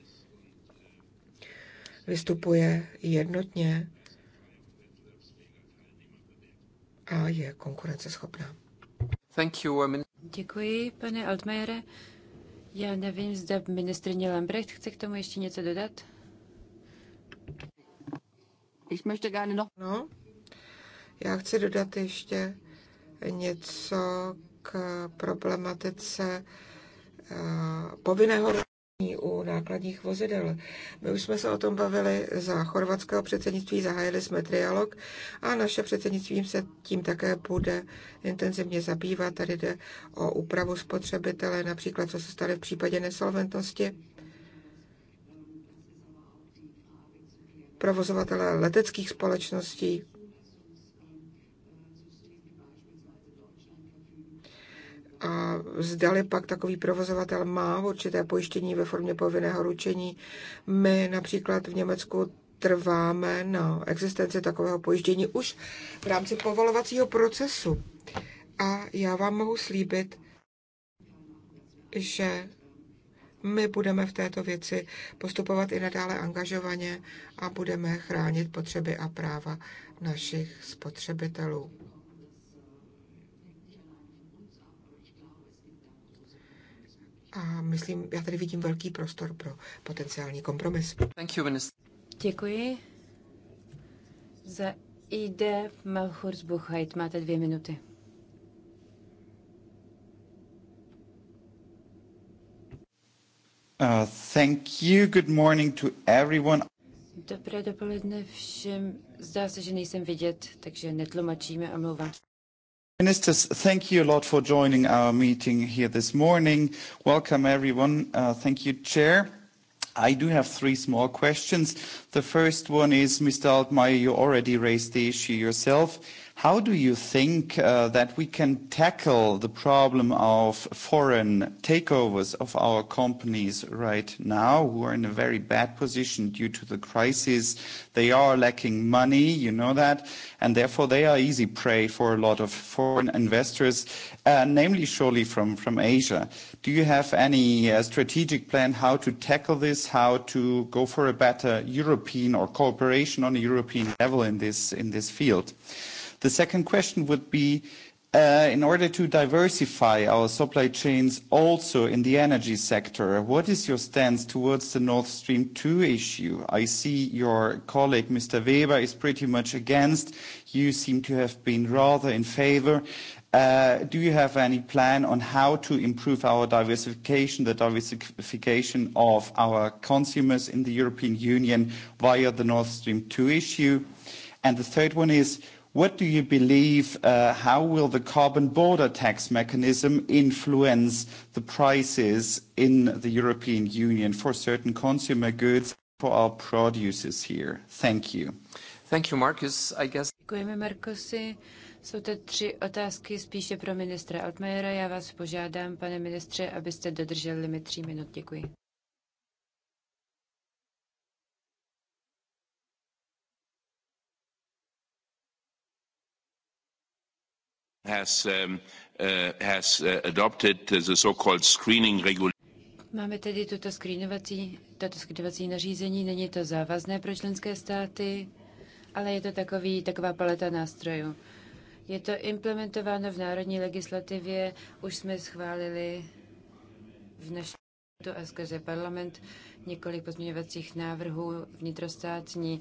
vystupuje jednotně a je konkurenceschopná. Thank you, uh, Děkuji, pane Altmajere. Já nevím, zda ministrině Lambrecht chce k tomu ještě něco dodat. Ich möchte gerne noch... No, já chci dodat ještě něco k problematice eh, povinného u nákladních vozidel. My už jsme se o tom bavili za chorvatského předsednictví, zahájili jsme trialog a naše předsednictví se tím také bude intenzivně zabývat. Tady jde o úpravu spotřebitele, například co se stane v případě nesolventnosti. Provozovatele leteckých společností a zdali pak takový provozovatel má určité pojištění ve formě povinného ručení. My například v Německu trváme na existenci takového pojištění už v rámci povolovacího procesu. A já vám mohu slíbit, že my budeme v této věci postupovat i nadále angažovaně a budeme chránit potřeby a práva našich spotřebitelů. a myslím, já tady vidím velký prostor pro potenciální kompromis. Thank you, minister. Děkuji. Za ID Melchurs Buchheit máte dvě minuty. Uh, thank you. Good morning to everyone. Dobré dopoledne všem. Zdá se, že nejsem vidět, takže netlumačíme a mluvám. Ministers, thank you a lot for joining our meeting here this morning. Welcome, everyone. Uh, thank you, Chair. I do have three small questions. The first one is, Mr. Altmaier, you already raised the issue yourself How do you think uh, that we can tackle the problem of foreign takeovers of our companies right now, who are in a very bad position due to the crisis? They are lacking money, you know that, and therefore they are easy prey for a lot of foreign investors, uh, namely surely from, from Asia. Do you have any uh, strategic plan how to tackle this, how to go for a better European or cooperation on a European level in this, in this field? The second question would be, uh, in order to diversify our supply chains also in the energy sector, what is your stance towards the Nord Stream 2 issue? I see your colleague, Mr. Weber, is pretty much against. You seem to have been rather in favor. Uh, do you have any plan on how to improve our diversification, the diversification of our consumers in the European Union via the Nord Stream 2 issue? And the third one is, What do you believe, uh, how will the carbon border tax mechanism influence the prices in the European Union for certain consumer goods, for our producers here? Thank you. Thank you, Marcus. I guess... Děkujeme, Markusy. Jsou to tři otázky spíše pro ministra Altmajera. Já vás požádám, pane ministře, abyste dodržel limit tří minut. Děkuji. Máme tedy toto screenovací, toto screenovací nařízení, není to závazné pro členské státy, ale je to takový, taková paleta nástrojů. Je to implementováno v národní legislativě, už jsme schválili v našem a skrze parlament několik pozměňovacích návrhů vnitrostátní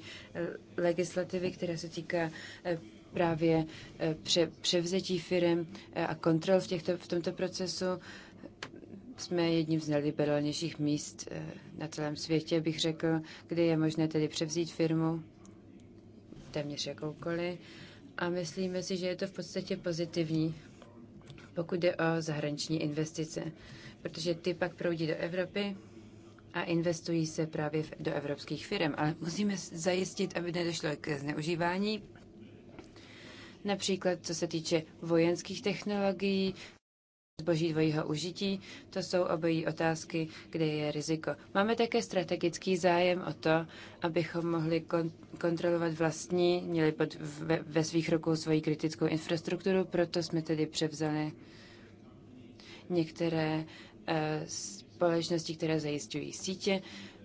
legislativy, která se týká eh, právě eh, pře, převzetí firm eh, a kontrol v, těchto, v tomto procesu. Jsme jedním z nejliberálnějších míst eh, na celém světě, bych řekl, kde je možné tedy převzít firmu, téměř jakoukoliv. A myslíme si, že je to v podstatě pozitivní, pokud jde o zahraniční investice, protože ty pak proudí do Evropy a investují se právě do evropských firm. Ale musíme zajistit, aby nedošlo k zneužívání například co se týče vojenských technologií, zboží dvojího užití, to jsou obojí otázky, kde je riziko. Máme také strategický zájem o to, abychom mohli kon- kontrolovat vlastní, měli pod, ve, ve svých rukou svoji kritickou infrastrukturu, proto jsme tedy převzali některé e, společnosti, které zajišťují sítě,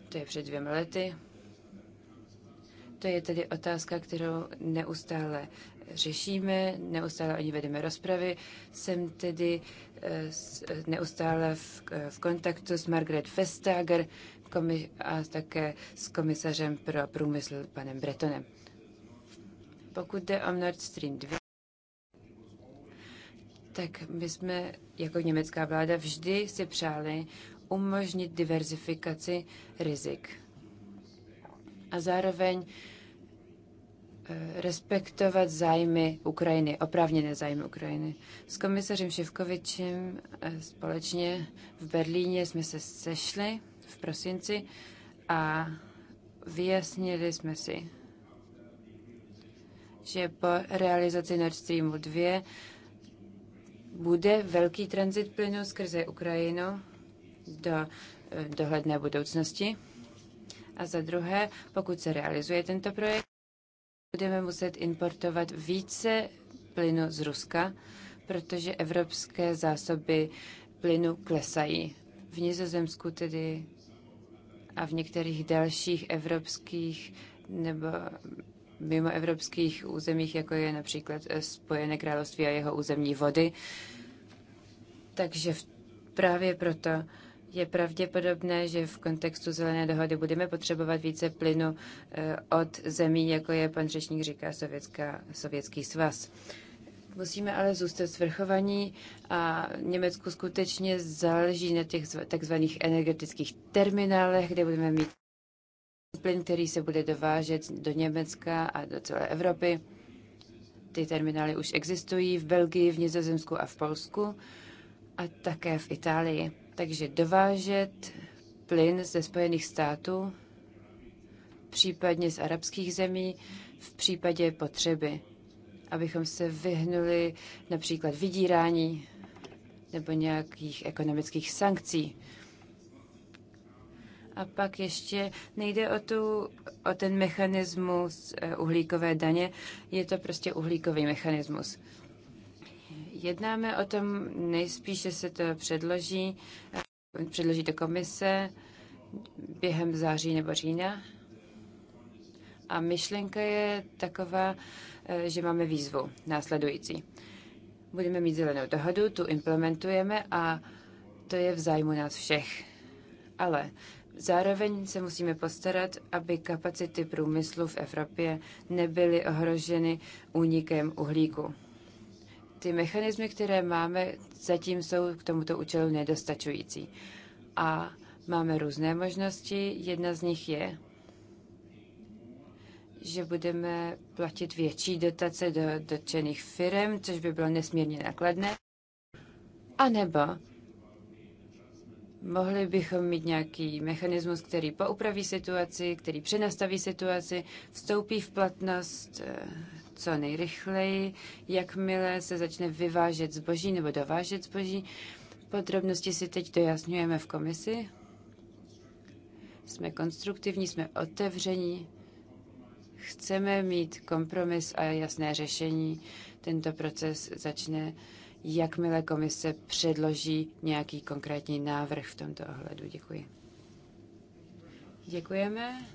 to je před dvěma lety. To je tedy otázka, kterou neustále řešíme, neustále o ní vedeme rozpravy. Jsem tedy eh, neustále v, eh, v kontaktu s Margaret Vestager a také s komisařem pro průmysl panem Bretonem. Pokud jde o Nord Stream 2, tak my jsme jako německá vláda vždy si přáli umožnit diverzifikaci rizik. A zároveň Eh, respektovat zájmy Ukrajiny, oprávněné zájmy Ukrajiny. S komisařem Ševkovičem eh, společně v Berlíně jsme se sešli v prosinci a vyjasnili jsme si, že po realizaci Nord Streamu 2 bude velký tranzit plynu skrze Ukrajinu do eh, dohledné budoucnosti. A za druhé, pokud se realizuje tento projekt, budeme muset importovat více plynu z Ruska, protože evropské zásoby plynu klesají. V Nizozemsku tedy a v některých dalších evropských nebo mimo evropských územích, jako je například Spojené království a jeho územní vody. Takže právě proto je pravděpodobné, že v kontextu zelené dohody budeme potřebovat více plynu eh, od zemí, jako je pan řečník říká Sovětská, Sovětský svaz. Musíme ale zůstat svrchovaní a Německu skutečně záleží na těch takzvaných energetických terminálech, kde budeme mít plyn, který se bude dovážet do Německa a do celé Evropy. Ty terminály už existují v Belgii, v Nizozemsku a v Polsku a také v Itálii. Takže dovážet plyn ze Spojených států, případně z arabských zemí, v případě potřeby, abychom se vyhnuli například vydírání nebo nějakých ekonomických sankcí. A pak ještě nejde o, tu, o ten mechanismus eh, uhlíkové daně, je to prostě uhlíkový mechanismus jednáme o tom, nejspíše se to předloží, eh, předloží to komise během září nebo října. A myšlenka je taková, eh, že máme výzvu následující. Budeme mít zelenou dohodu, tu implementujeme a to je v zájmu nás všech. Ale zároveň se musíme postarat, aby kapacity průmyslu v Evropě nebyly ohroženy únikem uhlíku ty mechanismy, které máme, zatím jsou k tomuto účelu nedostačující. A máme různé možnosti. Jedna z nich je, že budeme platit větší dotace do dotčených firm, což by bylo nesmírně nakladné. A nebo mohli bychom mít nějaký mechanismus, který poupraví situaci, který přenastaví situaci, vstoupí v platnost eh, co nejrychleji, jakmile se začne vyvážet zboží nebo dovážet zboží. Podrobnosti si teď dojasňujeme v komisi. Jsme konstruktivní, jsme otevření, chceme mít kompromis a jasné řešení. Tento proces začne, jakmile komise předloží nějaký konkrétní návrh v tomto ohledu. Děkuji. Děkujeme.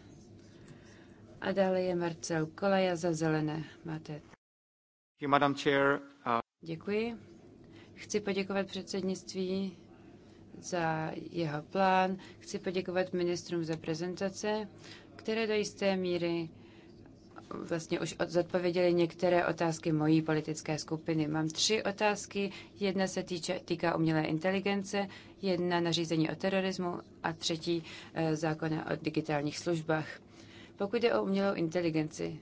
A dále je Marcel Kolaja za zelené. Máte. Uh, Děkuji. Chci poděkovat předsednictví za jeho plán. Chci poděkovat ministrům za prezentace, které do jisté míry vlastně už zodpověděli některé otázky mojí politické skupiny. Mám tři otázky. Jedna se týče, týká umělé inteligence, jedna nařízení o terorismu a třetí eh, zákona o digitálních službách. Pokud jde o umělou inteligenci,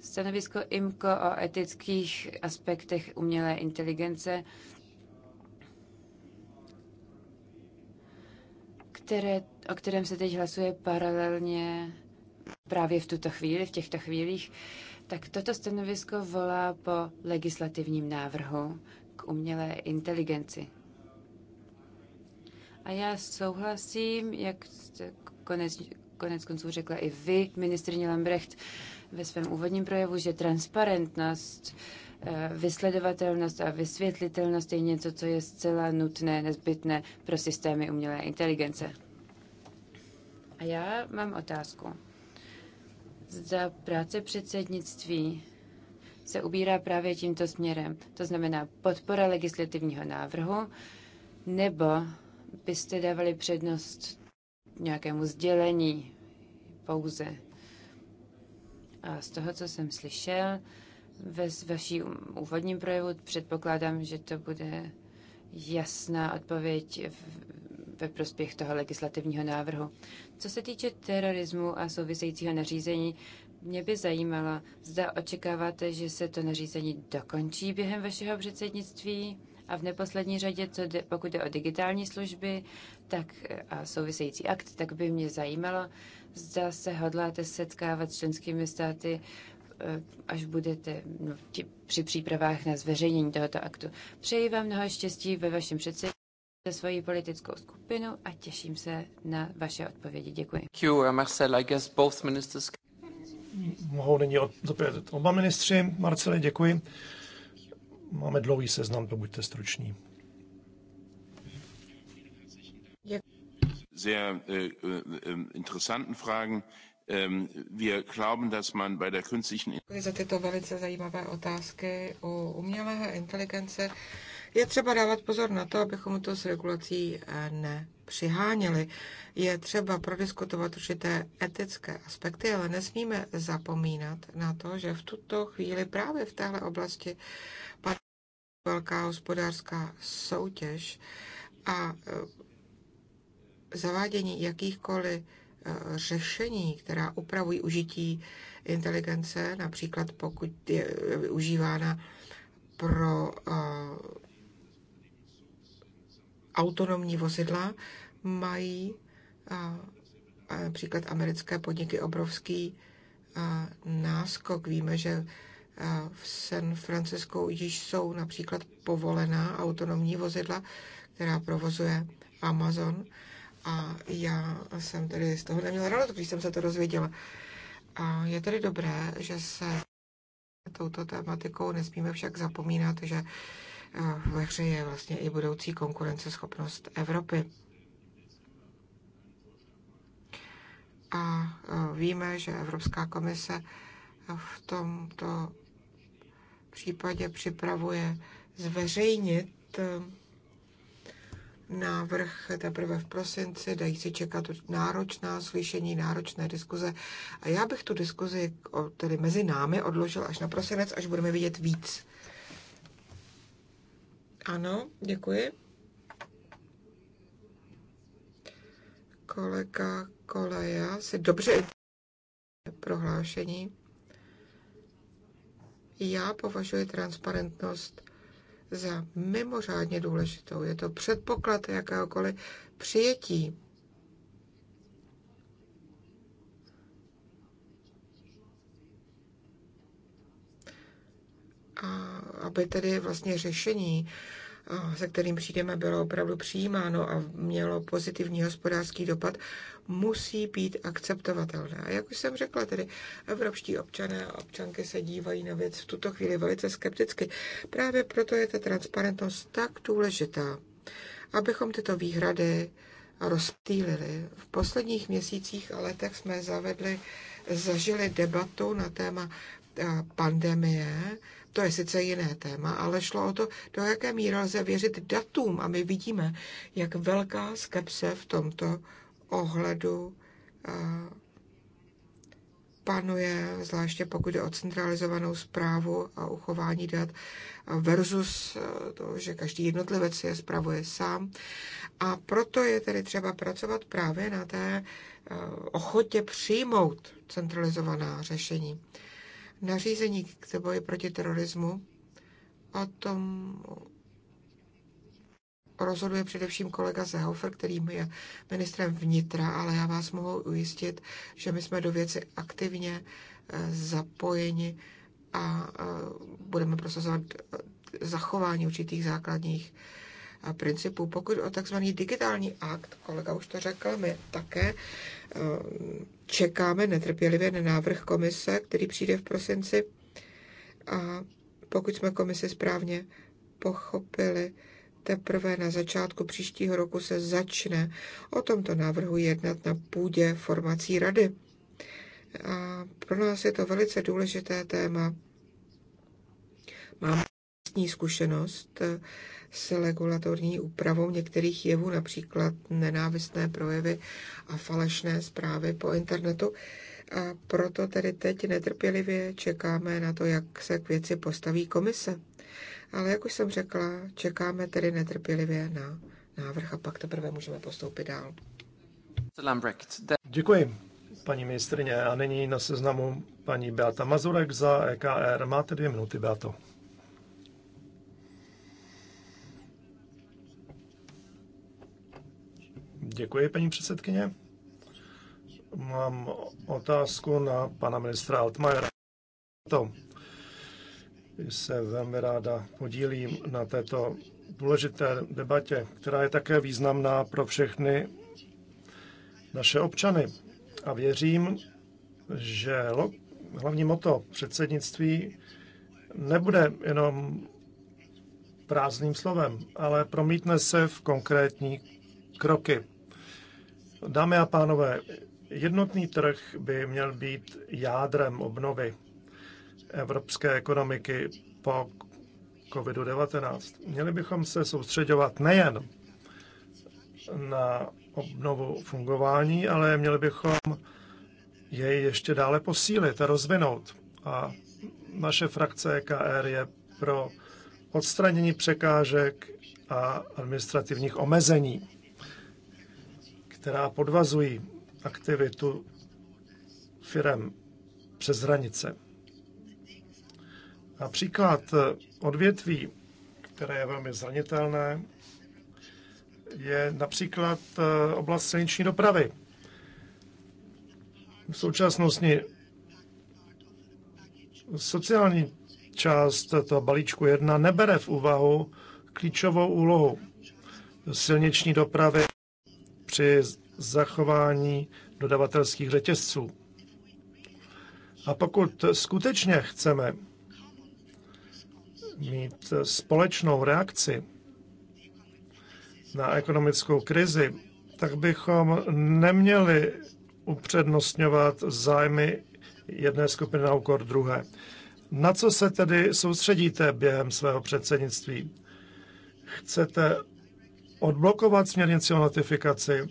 stanovisko IMCO o etických aspektech umělé inteligence, které, o kterém se teď hlasuje paralelně právě v tuto chvíli, v těchto chvílích, tak toto stanovisko volá po legislativním návrhu k umělé inteligenci. A já souhlasím, jak konec, konec konců řekla i vy, ministrině Lambrecht, ve svém úvodním projevu, že transparentnost, eh, vysledovatelnost a vysvětlitelnost je něco, co je zcela nutné, nezbytné pro systémy umělé inteligence. A já mám otázku. Zda práce předsednictví se ubírá právě tímto směrem, to znamená podpora legislativního návrhu, nebo byste dávali přednost nějakému sdělení pouze. A z toho, co jsem slyšel ve vaší úvodním projevu, předpokládám, že to bude jasná odpověď ve prospěch toho legislativního návrhu. Co se týče terorismu a souvisejícího nařízení, mě by zajímalo, zda očekáváte, že se to nařízení dokončí během vašeho předsednictví a v neposlední řadě, co jde, pokud jde o digitální služby tak a související akt, tak by mě zajímalo, zda se hodláte setkávat s členskými státy, eh, až budete no, ti, při přípravách na zveřejnění tohoto aktu. Přeji vám mnoho štěstí ve vašem předsedě za svoji politickou skupinu a těším se na vaše odpovědi. Děkuji. I guess both ministers... Mohou nyní odpovědět oba ministři. Marcele, děkuji. Máme dlouhý seznam, to buďte struční. sehr äh, äh, ähm, interessanten Fragen. Ähm, wir glauben, dass man bei der künstlichen Děkuji velice zajímavé otázky o umělé inteligence. Je třeba dávat pozor na to, abychom to s regulací eh, nepřiháněli. Je třeba prodiskutovat určité etické aspekty, ale nesmíme zapomínat na to, že v tuto chvíli právě v téhle oblasti padá velká hospodářská soutěž a eh, zavádění jakýchkoliv eh, řešení, která upravují užití inteligence, například pokud je eh, využívána pro eh, autonomní vozidla, mají například americké podniky obrovský náskok. Víme, že v San Francisco již jsou například povolená autonomní vozidla, která provozuje Amazon. A já jsem tedy z toho neměla radost, když jsem se to dozvěděla. A je tedy dobré, že se touto tématikou nesmíme však zapomínat, že eh, ve hře je vlastně i budoucí konkurenceschopnost Evropy. A eh, víme, že Evropská komise v tomto případě připravuje zveřejnit eh, návrh teprve v prosinci, dají se čekat náročná slyšení, náročné diskuze a já bych tu diskuzi tedy mezi námi odložil až na prosinec, až budeme vidět víc. Ano, děkuji. Kolega Koleja si dobře prohlášení. Já považuji transparentnost za mimořádně důležitou. Je to předpoklad jakéhokoliv přijetí. A aby tedy vlastně řešení, se kterým přijdeme, bylo opravdu přijímáno a mělo pozitivní hospodářský dopad, musí být akceptovatelné. A jak už jsem řekla, tedy evropští občané a občanky se dívají na věc v tuto chvíli velice skepticky. Právě proto je ta transparentnost tak důležitá, abychom tyto výhrady rozptýlili. V posledních měsících a letech jsme zavedli, zažili debatu na téma eh, pandemie, to je sice jiné téma, ale šlo o to, do jaké míry lze věřit datům. A my vidíme, jak velká skepse v tomto ohledu panuje, zvláště pokud je o centralizovanou zprávu a uchování dat versus to, že každý jednotlivec je zpravuje sám. A proto je tedy třeba pracovat právě na té ochotě přijmout centralizovaná řešení. Nařízení k boji proti terorismu o tom rozhoduje především kolega Zehofer, který je ministrem vnitra, ale já vás mohu ujistit, že my jsme do věci aktivně eh, zapojeni a eh, budeme prosazovat eh, zachování určitých základních principů. Pokud o takzvaný digitální akt, kolega už to řekl, my také čekáme netrpělivě na návrh komise, který přijde v prosinci. A pokud jsme komisi správně pochopili, teprve na začátku příštího roku se začne o tomto návrhu jednat na půdě formací rady. A pro nás je to velice důležité téma. Mám vlastní zkušenost s regulatorní úpravou některých jevů, například nenávistné projevy a falešné zprávy po internetu. A proto tedy teď netrpělivě čekáme na to, jak se k věci postaví komise. Ale jak už jsem řekla, čekáme tedy netrpělivě na návrh a pak teprve můžeme postoupit dál. Děkuji, paní ministrině. A nyní na seznamu paní Beata Mazurek za EKR. Máte dvě minuty, Beato. Děkuji, paní předsedkyně. Mám otázku na pana ministra Altmajera se velmi ráda podílím na této důležité debatě, která je také významná pro všechny naše občany. A věřím, že hlavní moto předsednictví nebude jenom prázdným slovem, ale promítne se v konkrétní kroky. Dámy a pánové, jednotný trh by měl být jádrem obnovy evropské ekonomiky po COVID-19. Měli bychom se soustředovat nejen na obnovu fungování, ale měli bychom jej ještě dále posílit a rozvinout. A naše frakce KR je pro odstranění překážek a administrativních omezení, která podvazují aktivitu firem přes hranice. Například eh, odvětví, které je velmi zranitelné, je například eh, oblast silniční dopravy. V současnosti sociální část toho balíčku 1 nebere v úvahu klíčovou úlohu silniční dopravy při zachování dodavatelských řetězců. A pokud skutečně chceme mít eh, společnou reakci na ekonomickou krizi, tak bychom neměli upřednostňovat zájmy jedné skupiny na úkor druhé. Na co se tedy soustředíte během svého předsednictví? Chcete odblokovat směrnici o notifikaci,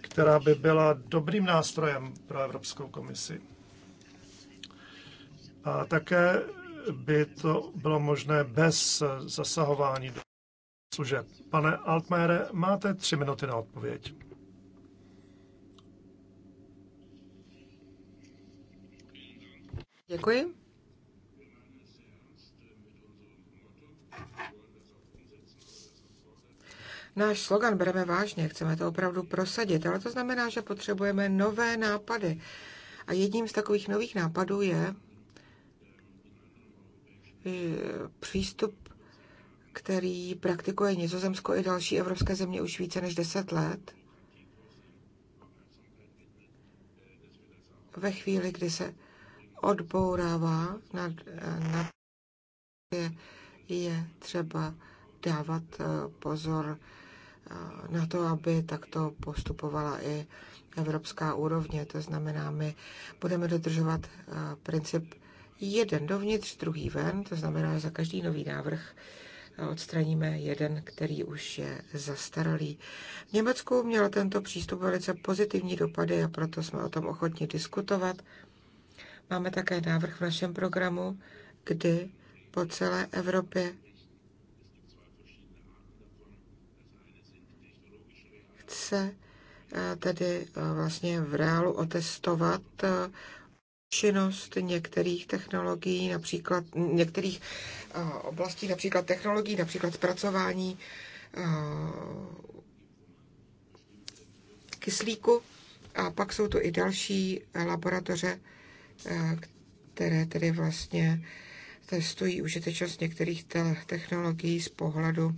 která by byla dobrým nástrojem pro Evropskou komisi? A také by to bylo možné bez zasahování do služeb. Pane Altmére, máte tři minuty na odpověď. Děkuji. Náš slogan bereme vážně, chceme to opravdu prosadit, ale to znamená, že potřebujeme nové nápady. A jedním z takových nových nápadů je přístup, který praktikuje Nizozemsko i další evropské země už více než 10 let. Ve chvíli, kdy se odbourává na, na je, je třeba dávat eh, pozor eh, na to, aby takto postupovala i evropská úrovně. To znamená, my budeme dodržovat eh, princip jeden dovnitř, druhý ven, to znamená, že za každý nový návrh eh, odstraníme jeden, který už je zastaralý. V Německu měl tento přístup velice pozitivní dopady a proto jsme o tom ochotni diskutovat. Máme také návrh v našem programu, kdy po celé Evropě chce eh, tedy eh, vlastně v reálu otestovat účinnost některých technologií, například některých eh, oblastí, například technologií, například zpracování eh, kyslíku. A pak jsou tu i další laboratoře, eh, které tedy vlastně testují užitečnost některých technologií z pohledu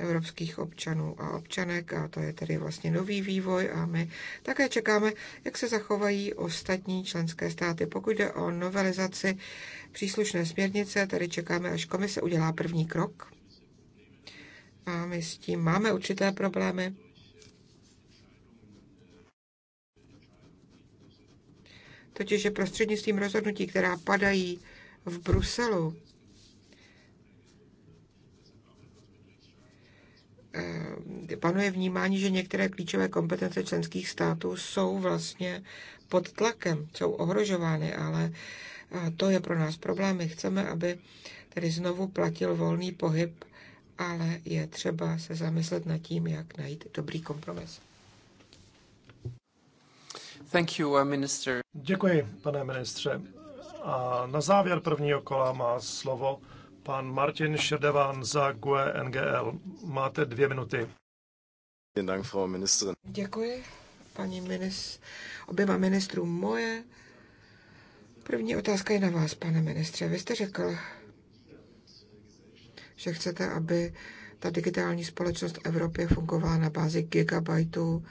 evropských občanů a občanek a to je tedy vlastně nový vývoj a my také čekáme, jak se zachovají ostatní členské státy. Pokud jde o novelizaci příslušné směrnice, tady čekáme, až komise udělá první krok a my s tím máme určité problémy. Totiž, že prostřednictvím rozhodnutí, která padají v Bruselu, panuje vnímání, že některé klíčové kompetence členských států jsou vlastně pod tlakem, jsou ohrožovány, ale to je pro nás problém. My chceme, aby tedy znovu platil volný pohyb, ale je třeba se zamyslet nad tím, jak najít dobrý kompromis. Thank you, uh, minister. Děkuji, pane ministře. A na závěr prvního kola má slovo pan Martin Šedevan za GUE NGL. Máte dvě minuty. Děkuji paní minis, oběma ministrům moje. První otázka je na vás, pane ministře. Vy jste řekl, že chcete, aby ta digitální společnost v Evropě fungovala na bázi gigabajtů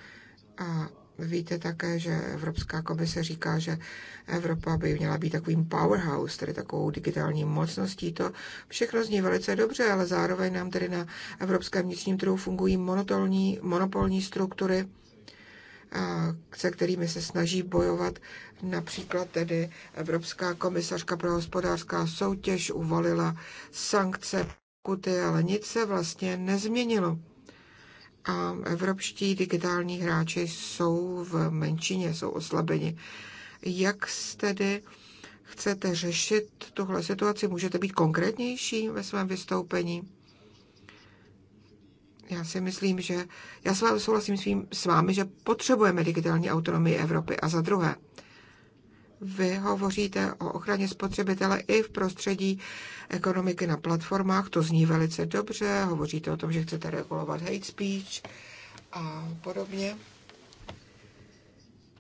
a Víte také, že Evropská komise říká, že Evropa by měla být takovým powerhouse, tedy takovou digitální mocností. To všechno zní velice dobře, ale zároveň nám tedy na evropském vnitřním trhu fungují monotolní, monopolní struktury, se kterými se snaží bojovat. Například tedy Evropská komisařka pro hospodářská soutěž uvalila sankce pokuty, ale nic se vlastně nezměnilo a evropští digitální hráči jsou v menšině, jsou oslabeni. Jak tedy chcete řešit tuhle situaci? Můžete být konkrétnější ve svém vystoupení? Já si myslím, že já s vámi souhlasím s, s vámi, že potřebujeme digitální autonomii Evropy. A za druhé, vy hovoříte o ochraně spotřebitele i v prostředí ekonomiky na platformách, to zní velice dobře, hovoříte o tom, že chcete regulovat hate speech a podobně.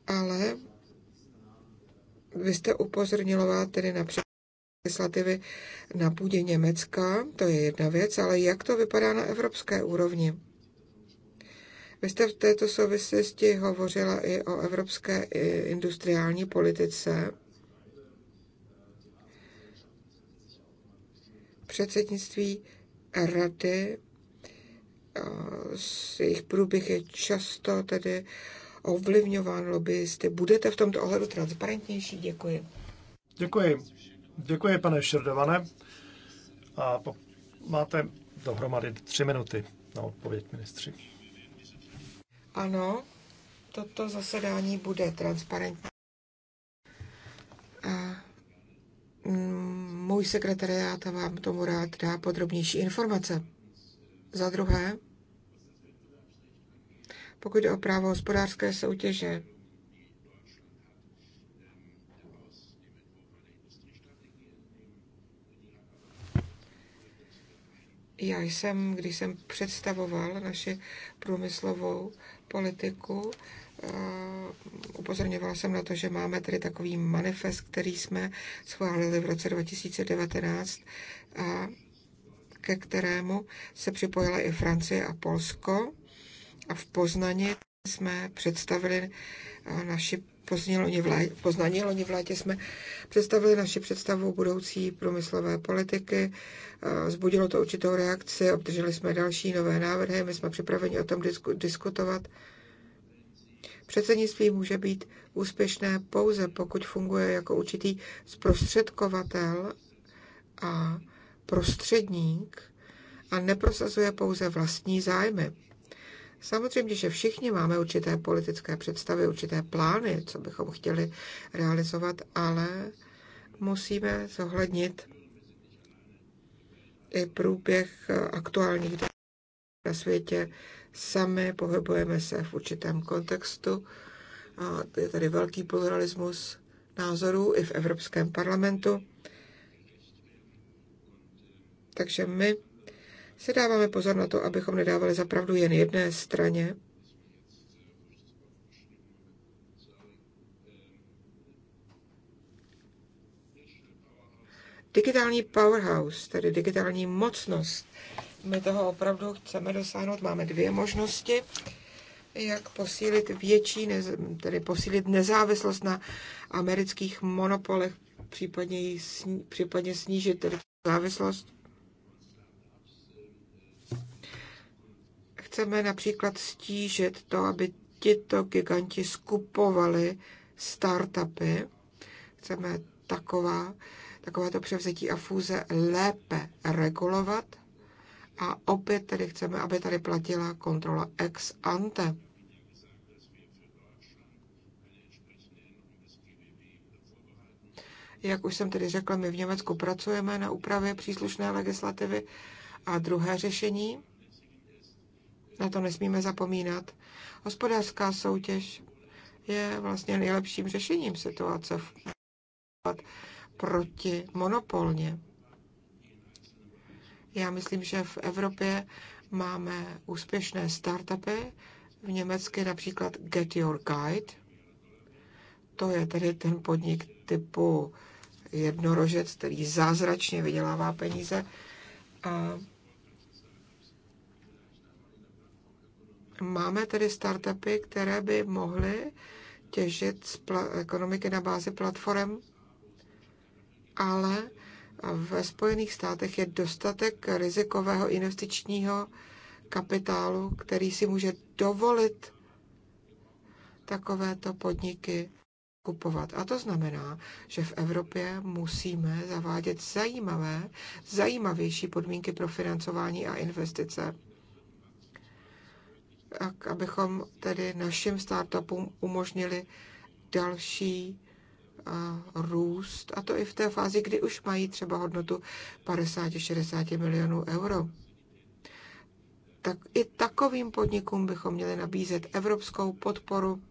Ale vy jste upozornilová tedy na legislativy na půdě Německa, to je jedna věc, ale jak to vypadá na evropské úrovni? Vy jste v této souvislosti hovořila i o evropské industriální politice. Předsednictví rady, jejich průběh je často tedy ovlivňován lobbyisty. Budete v tomto ohledu transparentnější? Děkuji. Děkuji. Děkuji, pane Šerdované. A máte dohromady tři minuty na odpověď, ministři. Ano, toto zasedání bude transparentní. A mm, můj sekretariát vám tomu rád dá podrobnější informace. Za druhé, pokud jde o právo hospodářské soutěže, Já jsem, když jsem představoval naši průmyslovou politiku. Eh, upozorňovala jsem na to, že máme tady takový manifest, který jsme schválili v roce 2019 a ke kterému se připojila i Francie a Polsko. A v Poznaně jsme představili eh, naši Poznaní loni v létě jsme představili naši představu budoucí průmyslové politiky. Eh, Zbudilo to určitou reakci, obdrželi jsme další nové návrhy, my jsme připraveni o tom disku, diskutovat. Předsednictví může být úspěšné pouze, pokud funguje jako určitý zprostředkovatel a prostředník a neprosazuje pouze vlastní zájmy. Samozřejmě, že všichni máme určité politické představy, určité plány, co bychom chtěli realizovat, ale musíme zohlednit i průběh aktuálních na světě. Sami pohybujeme se v určitém kontextu. A je tady velký pluralismus názorů i v Evropském parlamentu. Takže my si dáváme pozor na to, abychom nedávali zapravdu jen jedné straně. Digitální powerhouse, tedy digitální mocnost. My toho opravdu chceme dosáhnout. Máme dvě možnosti jak posílit větší, tedy posílit nezávislost na amerických monopolech, případně, sní, případně snížit tedy závislost. Chceme například stížit to, aby tito giganti skupovali startupy. Chceme taková, takovéto převzetí a fúze lépe regulovat. A opět tedy chceme, aby tady platila kontrola ex ante. Jak už jsem tedy řekla, my v Německu pracujeme na úpravě příslušné legislativy a druhé řešení na to nesmíme zapomínat. Hospodářská soutěž je vlastně nejlepším řešením situace v proti monopolně. Já myslím, že v Evropě máme úspěšné startupy, v německy například Get Your Guide. To je tedy ten podnik typu jednorožec, který zázračně vydělává peníze. A Máme tedy startupy, které by mohly těžit z ekonomiky na bázi platform, ale ve Spojených státech je dostatek rizikového investičního kapitálu, který si může dovolit takovéto podniky kupovat. A to znamená, že v Evropě musíme zavádět zajímavé, zajímavější podmínky pro financování a investice tak abychom tedy našim startupům umožnili další růst, a to i v té fázi, kdy už mají třeba hodnotu 50-60 milionů euro. Tak i takovým podnikům bychom měli nabízet evropskou podporu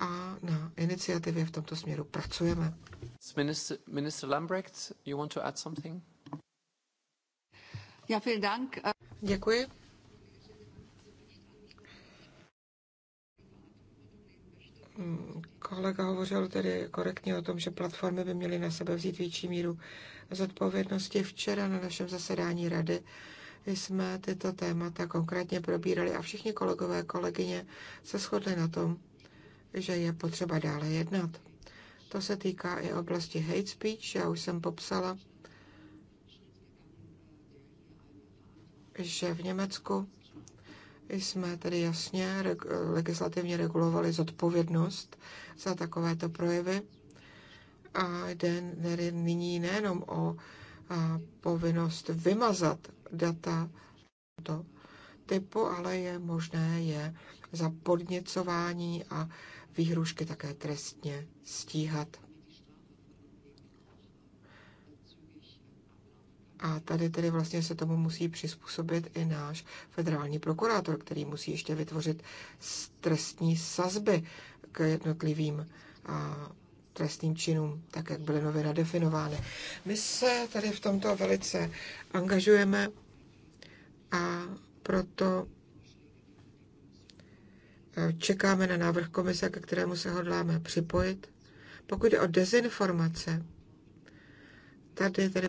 a na iniciativě v tomto směru pracujeme. Minister, Lambrecht, you want to add something? Ja, vielen Dank. Děkuji. kolega hovořil tedy korektně o tom, že platformy by měly na sebe vzít větší míru zodpovědnosti. Včera na našem zasedání rady jsme tyto témata konkrétně probírali a všichni kolegové, kolegyně se shodli na tom, že je potřeba dále jednat. To se týká i oblasti hate speech, já už jsem popsala, že v Německu jsme tedy jasně legislativně regulovali zodpovědnost za takovéto projevy a jde nyní nejenom o povinnost vymazat data to typu, ale je možné je za podněcování a výhrušky také trestně stíhat. A tady tedy vlastně se tomu musí přizpůsobit i náš federální prokurátor, který musí ještě vytvořit trestní sazby k jednotlivým trestným činům, tak jak byly nově nadefinovány. My se tady v tomto velice angažujeme a proto e, čekáme na návrh komise, ke kterému se hodláme připojit. Pokud je o dezinformace, tady tedy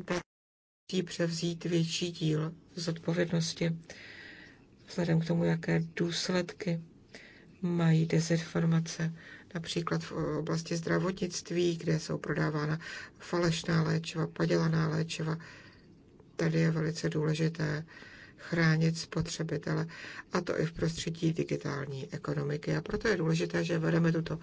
radostí převzít větší díl zodpovědnosti, vzhledem k tomu, jaké důsledky mají dezinformace, například v oblasti zdravotnictví, kde jsou prodávána falešná léčiva, padělaná léčiva. Tady je velice důležité chránit spotřebitele, a to i v prostředí digitální ekonomiky. A proto je důležité, že vedeme tuto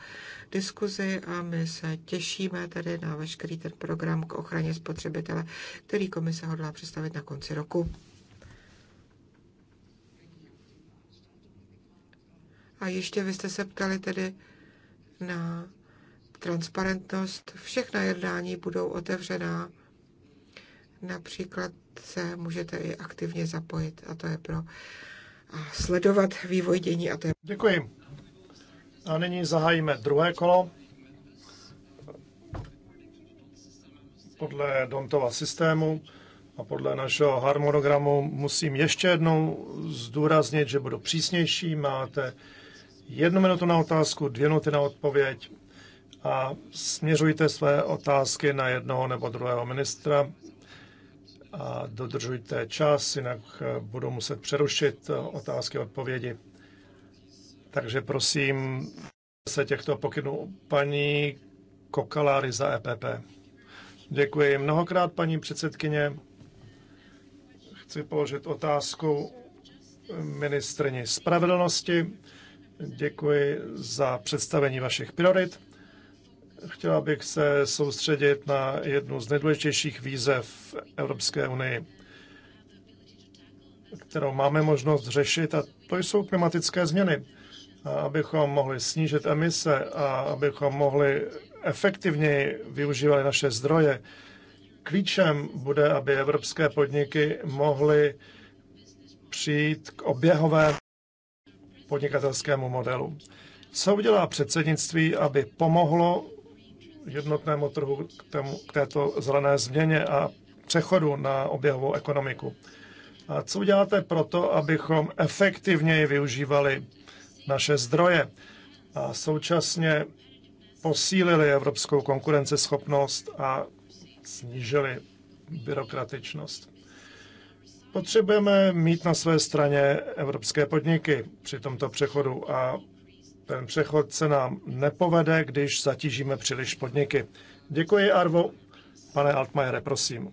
diskuzi a my se těšíme tedy na veškerý ten program k ochraně spotřebitele, který komise hodlá představit na konci roku. A ještě vy jste se ptali tedy na transparentnost. Všechna jednání budou otevřená. Například se můžete i aktivně zapojit a to je pro sledovat vývoj dění a to je... Děkuji. A nyní zahájíme druhé kolo. Podle Dontova systému a podle našeho harmonogramu musím ještě jednou zdůraznit, že budu přísnější. Máte jednu minutu na otázku, dvě minuty na odpověď a směřujte své otázky na jednoho nebo druhého ministra a dodržujte čas, jinak eh, budu muset přerušit eh, otázky a odpovědi. Takže prosím se těchto pokynů paní Kokaláry za EPP. Děkuji mnohokrát, paní předsedkyně. Chci položit otázku ministrni spravedlnosti. Děkuji za představení vašich priorit. Chtěla bych se soustředit na jednu z nejdůležitějších výzev v Evropské unii, kterou máme možnost řešit, a to jsou klimatické změny. A abychom mohli snížit emise a abychom mohli efektivněji využívat naše zdroje, klíčem bude, aby evropské podniky mohly přijít k oběhovému podnikatelskému modelu. Co udělá předsednictví, aby pomohlo jednotnému trhu, k, tému, k této zelené změně a přechodu na oběhovou ekonomiku. A co uděláte proto, abychom efektivněji využívali naše zdroje a současně posílili evropskou konkurenceschopnost a snížili byrokratičnost? Potřebujeme mít na své straně evropské podniky při tomto přechodu a ten přechod se nám nepovede, když zatížíme příliš podniky. Děkuji, Arvo. Pane Altmajere, prosím.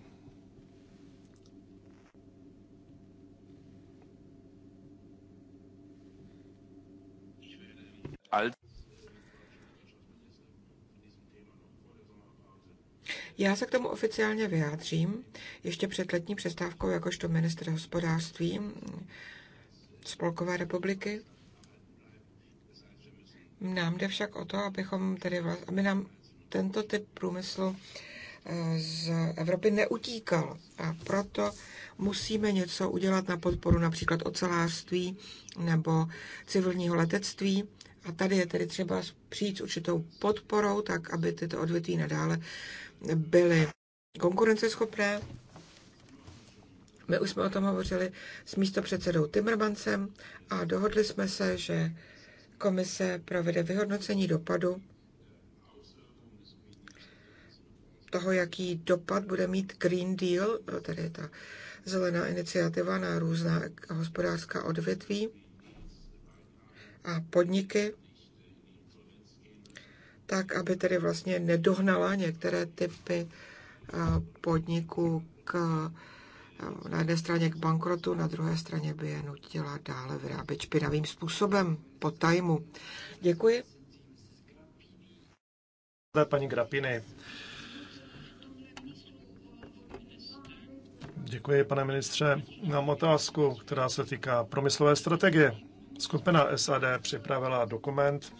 Alt. Já se k tomu oficiálně vyjádřím ještě před letní přestávkou jakožto minister hospodářství Spolkové republiky. Nám jde však o to, abychom tedy vlast, aby nám tento typ průmyslu eh, z Evropy neutíkal. A proto musíme něco udělat na podporu například ocelářství nebo civilního letectví. A tady je tedy třeba přijít s určitou podporou, tak aby tyto odvětví nadále byly konkurenceschopné. My už jsme o tom hovořili s místopředsedou Timmermansem a dohodli jsme se, že Komise provede vyhodnocení dopadu toho, jaký dopad bude mít Green Deal, tedy ta zelená iniciativa na různá hospodářská odvětví a podniky, tak aby tedy vlastně nedohnala některé typy podniků k na jedné straně k bankrotu, na druhé straně by je nutila dále vyrábět špinavým způsobem, po tajmu. Děkuji. Paní Grapiny. Děkuji, pane ministře. Mám otázku, která se týká promyslové strategie. Skupina SAD připravila dokument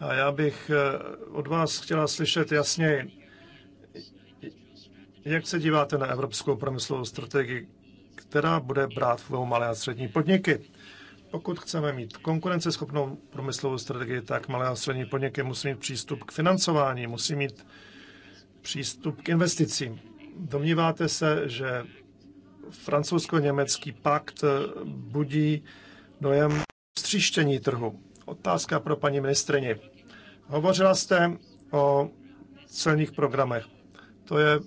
a já bych eh, od vás chtěla slyšet jasněji, jak se díváte na evropskou promyslovou strategii, která bude brát v malé a střední podniky? Pokud chceme mít konkurenceschopnou promyslovou strategii, tak malé a střední podniky musí mít přístup k financování, musí mít přístup k investicím. Domníváte se, že francouzsko-německý pakt budí dojem stříštění trhu? Otázka pro paní ministrině. Hovořila jste o celních programech. To je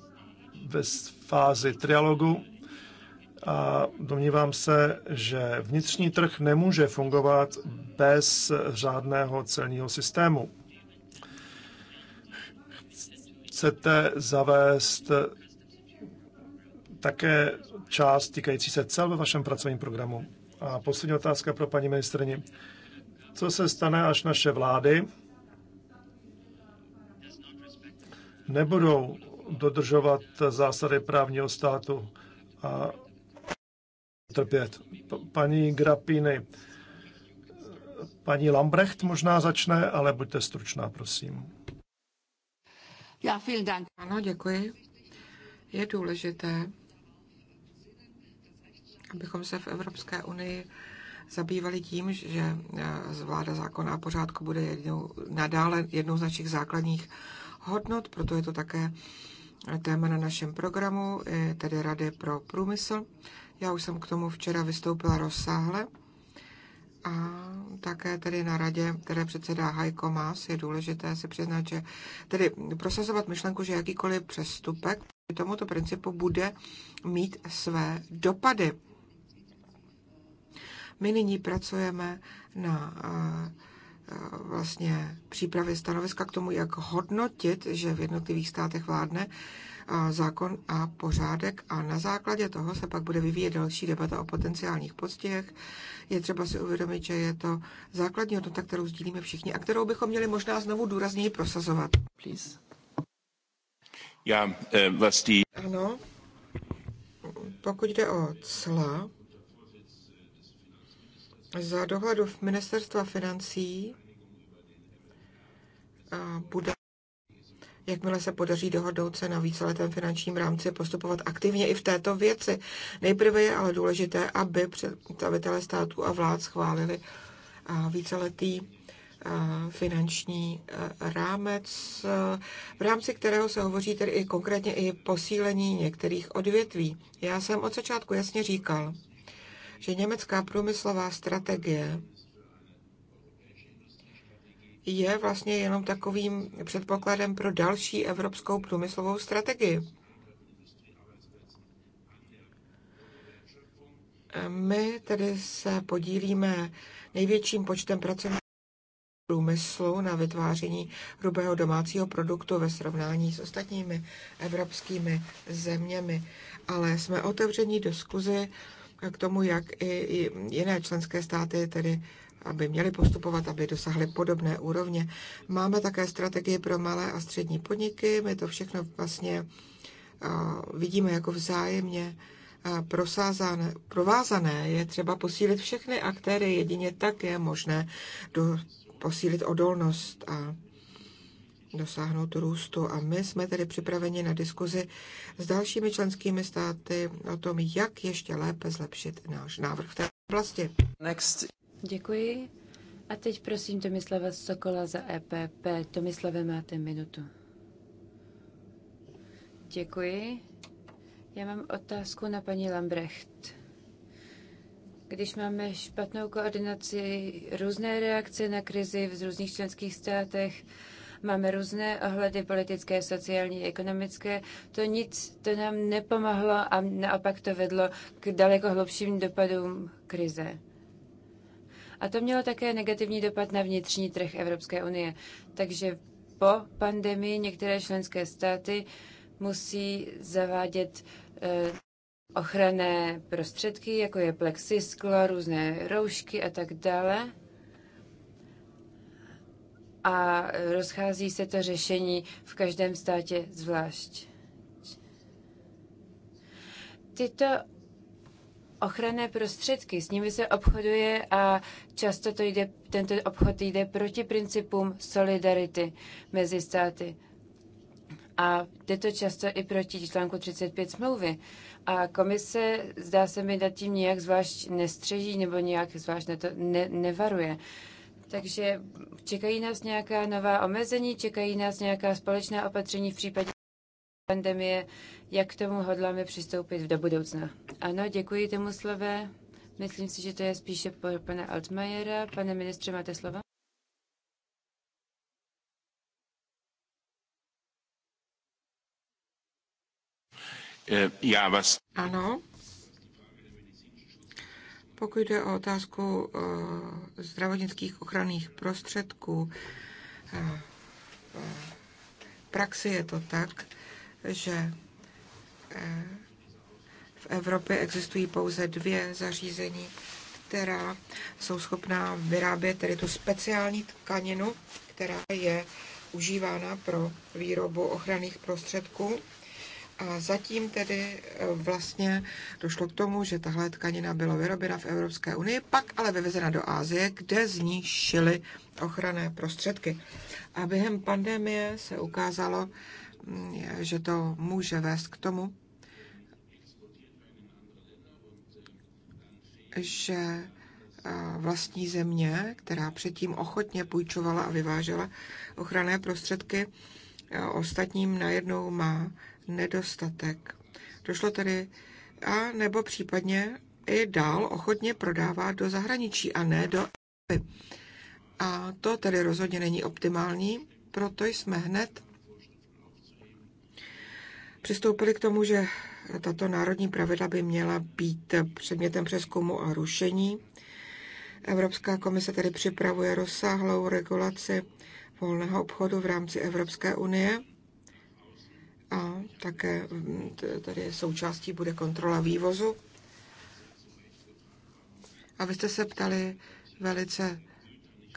ve fázi trialogu a domnívám se, že vnitřní trh nemůže fungovat bez řádného celního systému. Chcete zavést také část týkající se cel ve vašem pracovním programu? A poslední otázka pro paní ministrni. Co se stane, až naše vlády nebudou dodržovat zásady právního státu a trpět. Paní Grapiny, paní Lambrecht možná začne, ale buďte stručná, prosím. Já, vielen Ano, děkuji. Je důležité, abychom se v Evropské unii zabývali tím, že zvláda e, zákona a pořádku bude jednou, nadále jednou z našich základních hodnot, proto je to také téma na našem programu, tedy Rady pro průmysl. Já už jsem k tomu včera vystoupila rozsáhle. A také tedy na radě, které předsedá Hajko Mas, je důležité si přiznat, že tedy prosazovat myšlenku, že jakýkoliv přestupek k tomuto principu bude mít své dopady. My nyní pracujeme na uh, vlastně přípravy stanoviska k tomu, jak hodnotit, že v jednotlivých státech vládne zákon a pořádek a na základě toho se pak bude vyvíjet další debata o potenciálních postihech. Je třeba si uvědomit, že je to základní hodnota, kterou sdílíme všichni a kterou bychom měli možná znovu důrazněji prosazovat. Please. Já, eh, vlastní. Ano, pokud jde o cla, za dohledu v Ministerstva financí bude, jakmile se podaří dohodnout se na víceletém finančním rámci, postupovat aktivně i v této věci. Nejprve je ale důležité, aby představitelé států a vlád schválili víceletý finanční rámec, v rámci kterého se hovoří tedy i konkrétně i posílení některých odvětví. Já jsem od začátku jasně říkal, že německá průmyslová strategie je vlastně jenom takovým předpokladem pro další evropskou průmyslovou strategii. My tedy se podílíme největším počtem pracovníků průmyslu na vytváření hrubého domácího produktu ve srovnání s ostatními evropskými zeměmi, ale jsme otevření diskuzi k tomu, jak i jiné členské státy tedy aby měli postupovat, aby dosahly podobné úrovně. Máme také strategii pro malé a střední podniky. My to všechno vlastně vidíme jako vzájemně prosázané, provázané. Je třeba posílit všechny aktéry, jedině tak je možné do, posílit odolnost a dosáhnout růstu. A my jsme tedy připraveni na diskuzi s dalšími členskými státy o tom, jak ještě lépe zlepšit náš návrh v té oblasti. Next. Děkuji. A teď prosím Tomislava Sokola za EPP. Tomislave, máte minutu. Děkuji. Já mám otázku na paní Lambrecht. Když máme špatnou koordinaci, různé reakce na krizi v různých členských státech, Máme různé ohledy politické, sociální, ekonomické. To nic, to nám nepomohlo a naopak to vedlo k daleko hlubším dopadům krize. A to mělo také negativní dopad na vnitřní trh Evropské unie. Takže po pandemii některé členské státy musí zavádět eh, ochranné prostředky, jako je plexisklo, různé roušky a tak dále a rozchází se to řešení v každém státě zvlášť. Tyto ochranné prostředky, s nimi se obchoduje a často to jde, tento obchod jde proti principům solidarity mezi státy. A jde to často i proti článku 35 smlouvy. A komise, zdá se mi, nad tím nějak zvlášť nestřeží nebo nějak zvlášť to ne, nevaruje. Uh, takže čekají nás nějaká nová omezení, čekají nás nějaká společná opatření v případě pandemie. Jak k tomu hodláme přistoupit do budoucna? Ano, děkuji tomu slové. Myslím si, že to je spíše pro pana Altmajera. Pane ministře, máte slovo? Eh, já vás... Ano. Pokud jde o otázku eh, zdravotnických ochranných prostředků, eh, eh, v praxi je to tak, že v Evropě existují pouze dvě zařízení, která jsou schopná vyrábět tedy tu speciální tkaninu, která je užívána pro výrobu ochranných prostředků. Zatím tedy e, vlastně došlo k tomu, že tahle tkanina byla vyrobena v Evropské unii, pak ale vyvezena do Ázie, kde z ní šily ochranné prostředky. A během pandemie se ukázalo, mm, že to může vést k tomu, že e, vlastní země, která předtím ochotně půjčovala a vyvážela ochranné prostředky, e, ostatním najednou má nedostatek. Došlo tedy a nebo případně i dál ochotně prodává do zahraničí a ne do Evropy. A to tedy rozhodně není optimální, proto jsme hned přistoupili k tomu, že tato národní pravidla by měla být předmětem přeskumu a rušení. Evropská komise tedy připravuje rozsáhlou regulaci volného obchodu v rámci Evropské unie a také mm, tady součástí bude kontrola vývozu. A vy jste se ptali velice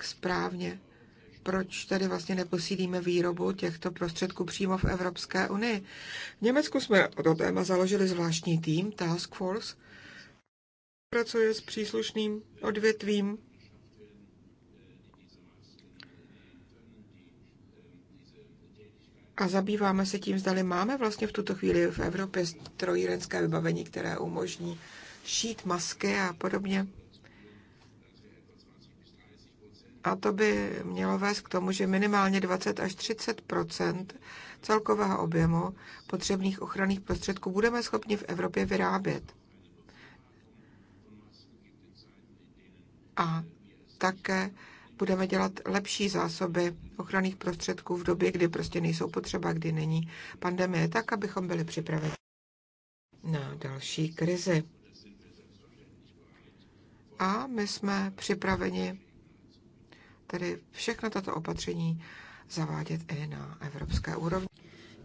správně, proč tady vlastně neposílíme výrobu těchto prostředků přímo v Evropské unii. V Německu jsme o to téma založili zvláštní tým Task Force, pracuje s příslušným odvětvím a zabýváme se tím, zdali máme vlastně v tuto chvíli v Evropě strojírenské vybavení, které umožní šít masky a podobně. A to by mělo vést k tomu, že minimálně 20 až 30 celkového objemu potřebných ochranných prostředků budeme schopni v Evropě vyrábět. A také budeme dělat lepší zásoby ochranných prostředků v době, kdy prostě nejsou potřeba, kdy není pandemie, tak, abychom byli připraveni na další krizi. A my jsme připraveni tedy všechna tato opatření zavádět i na evropské úrovni.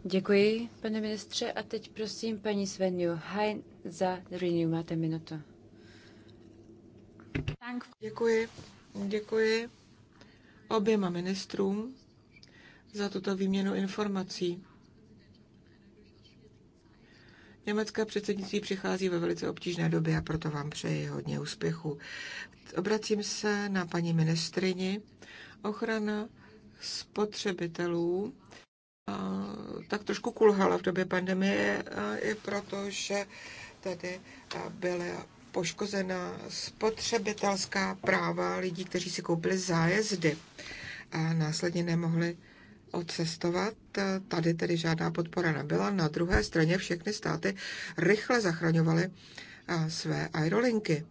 Děkuji, pane ministře. A teď prosím paní Svenju Hein za Renew. Máte minutu. Děkuji, děkuji oběma ministrům za tuto výměnu informací. Německé předsednictví přichází ve velice obtížné době a proto vám přeji hodně úspěchu. Obracím se na paní ministrini. Ochrana spotřebitelů tak trošku kulhala v době pandemie i protože tady byly poškozena spotřebitelská práva lidí, kteří si koupili zájezdy a následně nemohli odcestovat. Tady tedy žádná podpora nebyla. Na druhé straně všechny státy rychle zachraňovaly své aerolinky.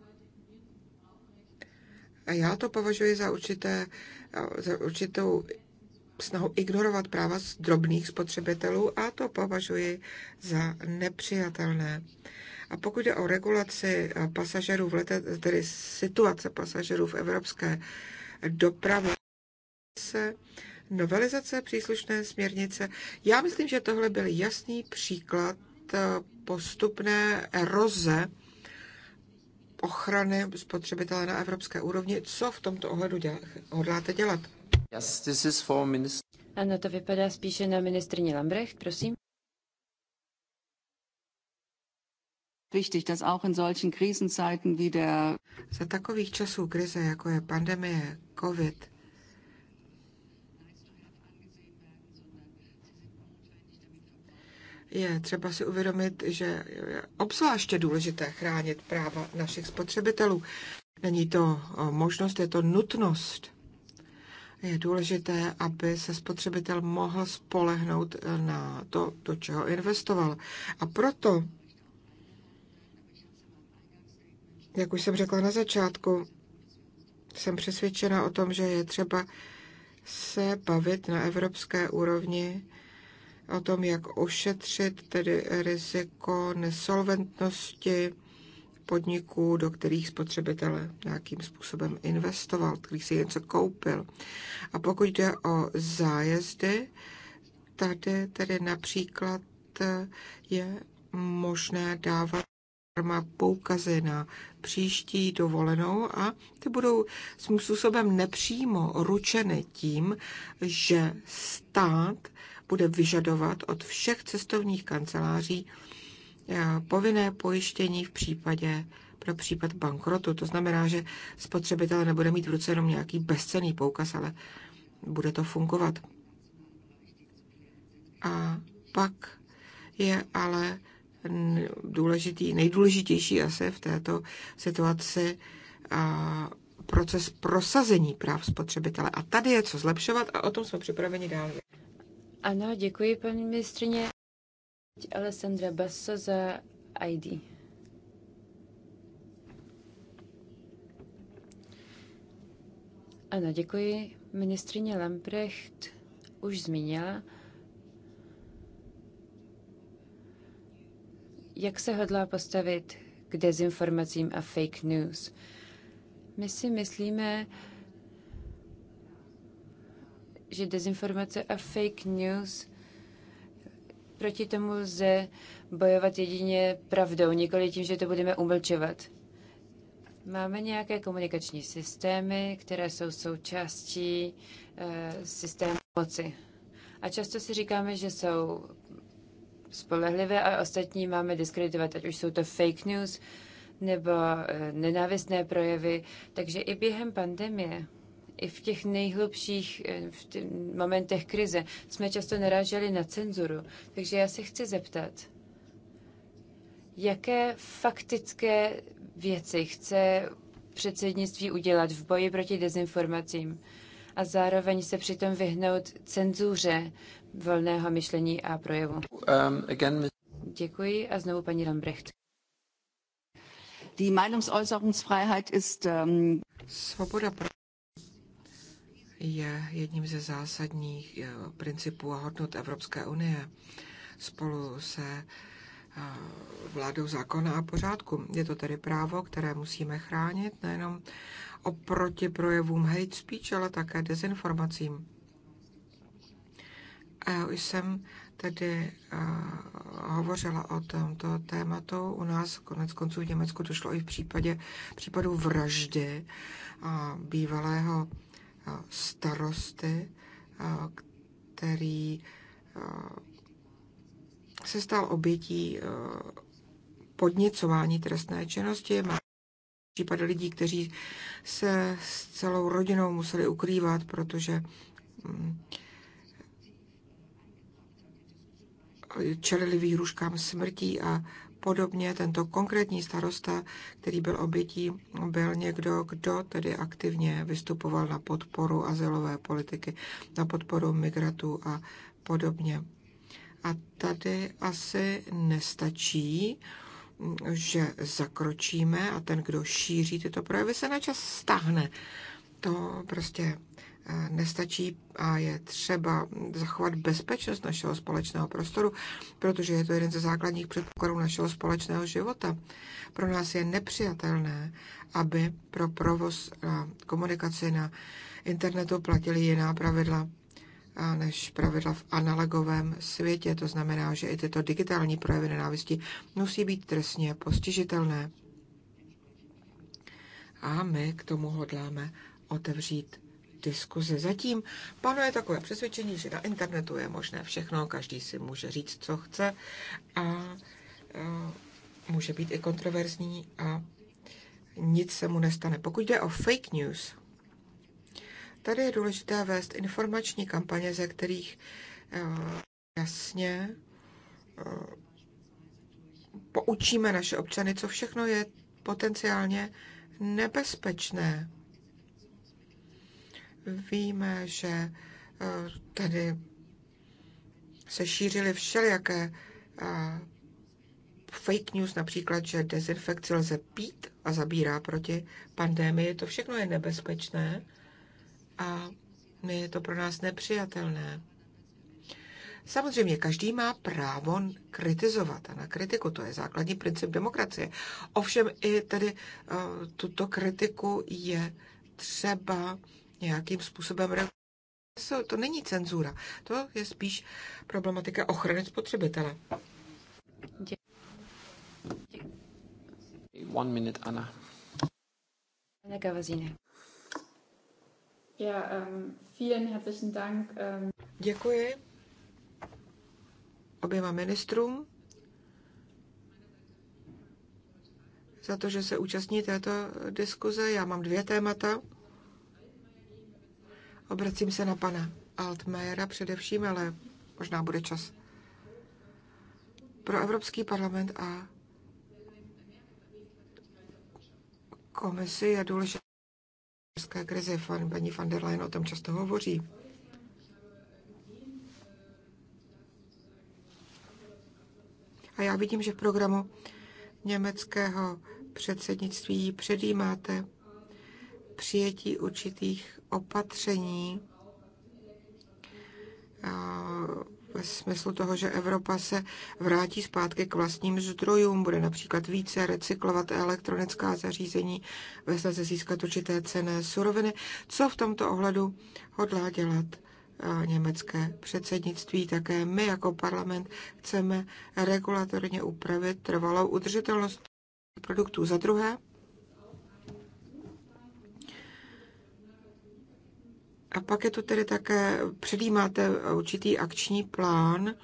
A já to považuji za, určité, za určitou snahu ignorovat práva drobných spotřebitelů a to považuji za nepřijatelné. A pokud je o regulaci eh, pasažerů v lete, tedy situace pasažerů v evropské dopravě, se novelizace příslušné směrnice. Já myslím, že tohle byl jasný příklad eh, postupné eroze ochrany spotřebitele na evropské úrovni. Co v tomto ohledu děl- hodláte dělat? Yes, this is for minister. Ano, to vypadá spíše na ministrině Lambrecht, prosím. Za takových časů krize, jako je pandemie, COVID, je třeba si uvědomit, že je obzvláště důležité chránit práva našich spotřebitelů. Není to možnost, je to nutnost. Je důležité, aby se spotřebitel mohl spolehnout e, na to, do čeho investoval. A proto Jak už jsem řekla na začátku, jsem přesvědčena o tom, že je třeba se bavit na evropské úrovni o tom, jak ošetřit tedy riziko nesolventnosti podniků, do kterých spotřebitel nějakým způsobem investoval, který si něco koupil. A pokud jde o zájezdy, tady tedy například je možné dávat má poukazy na příští dovolenou a ty budou svým způsobem nepřímo ručeny tím, že stát bude vyžadovat od všech cestovních kanceláří eh, povinné pojištění v případě pro případ bankrotu. To znamená, že spotřebitel nebude mít v ruce jenom nějaký bezcený poukaz, ale bude to fungovat. A pak je ale důležitý, nejdůležitější asi v této situaci proces prosazení práv spotřebitele. A tady je co zlepšovat a o tom jsme připraveni dál. Ano, děkuji paní ministrině. Alessandra Basso za ID. Ano, děkuji. Ministrině Lamprecht už zmínila, jak se hodlá postavit k dezinformacím a fake news. My si myslíme, že dezinformace a fake news proti tomu lze bojovat jedině pravdou, nikoli tím, že to budeme umlčovat. Máme nějaké komunikační systémy, které jsou součástí e, systému moci. A často si říkáme, že jsou spolehlivé a ostatní máme diskreditovat, ať už jsou to fake news nebo eh, nenávistné projevy. Takže i během pandemie, i v těch nejhlubších eh, v těch momentech krize jsme často naráželi na cenzuru. Takže já se chci zeptat, jaké faktické věci chce předsednictví udělat v boji proti dezinformacím a zároveň se přitom vyhnout cenzuře volného myšlení a projevu. Um, again, Děkuji a znovu paní Lambrecht. Die Meinungsäußerungsfreiheit ist um... Svoboda je jedním ze zásadních eh, principů a hodnot Evropské unie. Spolu se eh, vládou zákona a pořádku. Je to tedy právo, které musíme chránit nejenom oproti projevům hate speech, ale také dezinformacím. A já už jsem tedy hovořila o tomto tématu. U nás konec konců v Německu došlo i v případě případu vraždy bývalého starosty, který se stal obětí podnicování podněcování trestné činnosti. Má případy lidí, kteří se s celou rodinou museli ukrývat, protože mm, čelili výhruškám smrtí a podobně. Tento konkrétní starosta, který byl obětí, byl někdo, kdo tedy aktivně vystupoval na podporu azylové politiky, na podporu migratů a podobně. A tady asi nestačí, že zakročíme a ten, kdo šíří tyto projevy, se na čas stáhne. To prostě nestačí a je třeba zachovat bezpečnost našeho společného prostoru, protože je to jeden ze základních předpokladů našeho společného života. Pro nás je nepřijatelné, aby pro provoz a komunikaci na internetu platili jiná pravidla než pravidla v analogovém světě. To znamená, že i tyto digitální projevy nenávisti musí být trestně postižitelné. A my k tomu hodláme otevřít Diskuze Zatím panuje takové přesvědčení, že na internetu je možné všechno, každý si může říct, co chce a e, může být i kontroverzní a nic se mu nestane. Pokud jde o fake news, tady je důležité vést informační kampaně, ze kterých e, jasně e, poučíme naše občany, co všechno je potenciálně nebezpečné. Víme, že eh, tady se šířily všelijaké eh, fake news, například, že dezinfekci lze pít a zabírá proti pandémii. To všechno je nebezpečné a je to pro nás nepřijatelné. Samozřejmě každý má právo kritizovat a na kritiku, to je základní princip demokracie. Ovšem i tedy eh, tuto kritiku je třeba nějakým způsobem To není cenzura, to je spíš problematika ochrany spotřebitele. One minute, Anna. Anna Gavazine. Ja, um, vielen herzlichen Dank. Um... Děkuji oběma ministrům za to, že se účastní této diskuze. Já mám dvě témata. Obracím se na pana Altmajera především, ale možná bude čas. Pro Evropský parlament a komisi je důležité krize. Fan, paní van der Leyen o tom často hovoří. A já vidím, že v programu německého předsednictví předjímáte přijetí určitých opatření ve smyslu toho, že Evropa se vrátí zpátky k vlastním zdrojům, bude například více recyklovat elektronická zařízení, ve snaze získat určité cené suroviny. Co v tomto ohledu hodlá dělat německé předsednictví? Také my jako parlament chceme regulatorně upravit trvalou udržitelnost produktů. Za druhé, A pak je tu tedy také, předjímáte určitý akční plán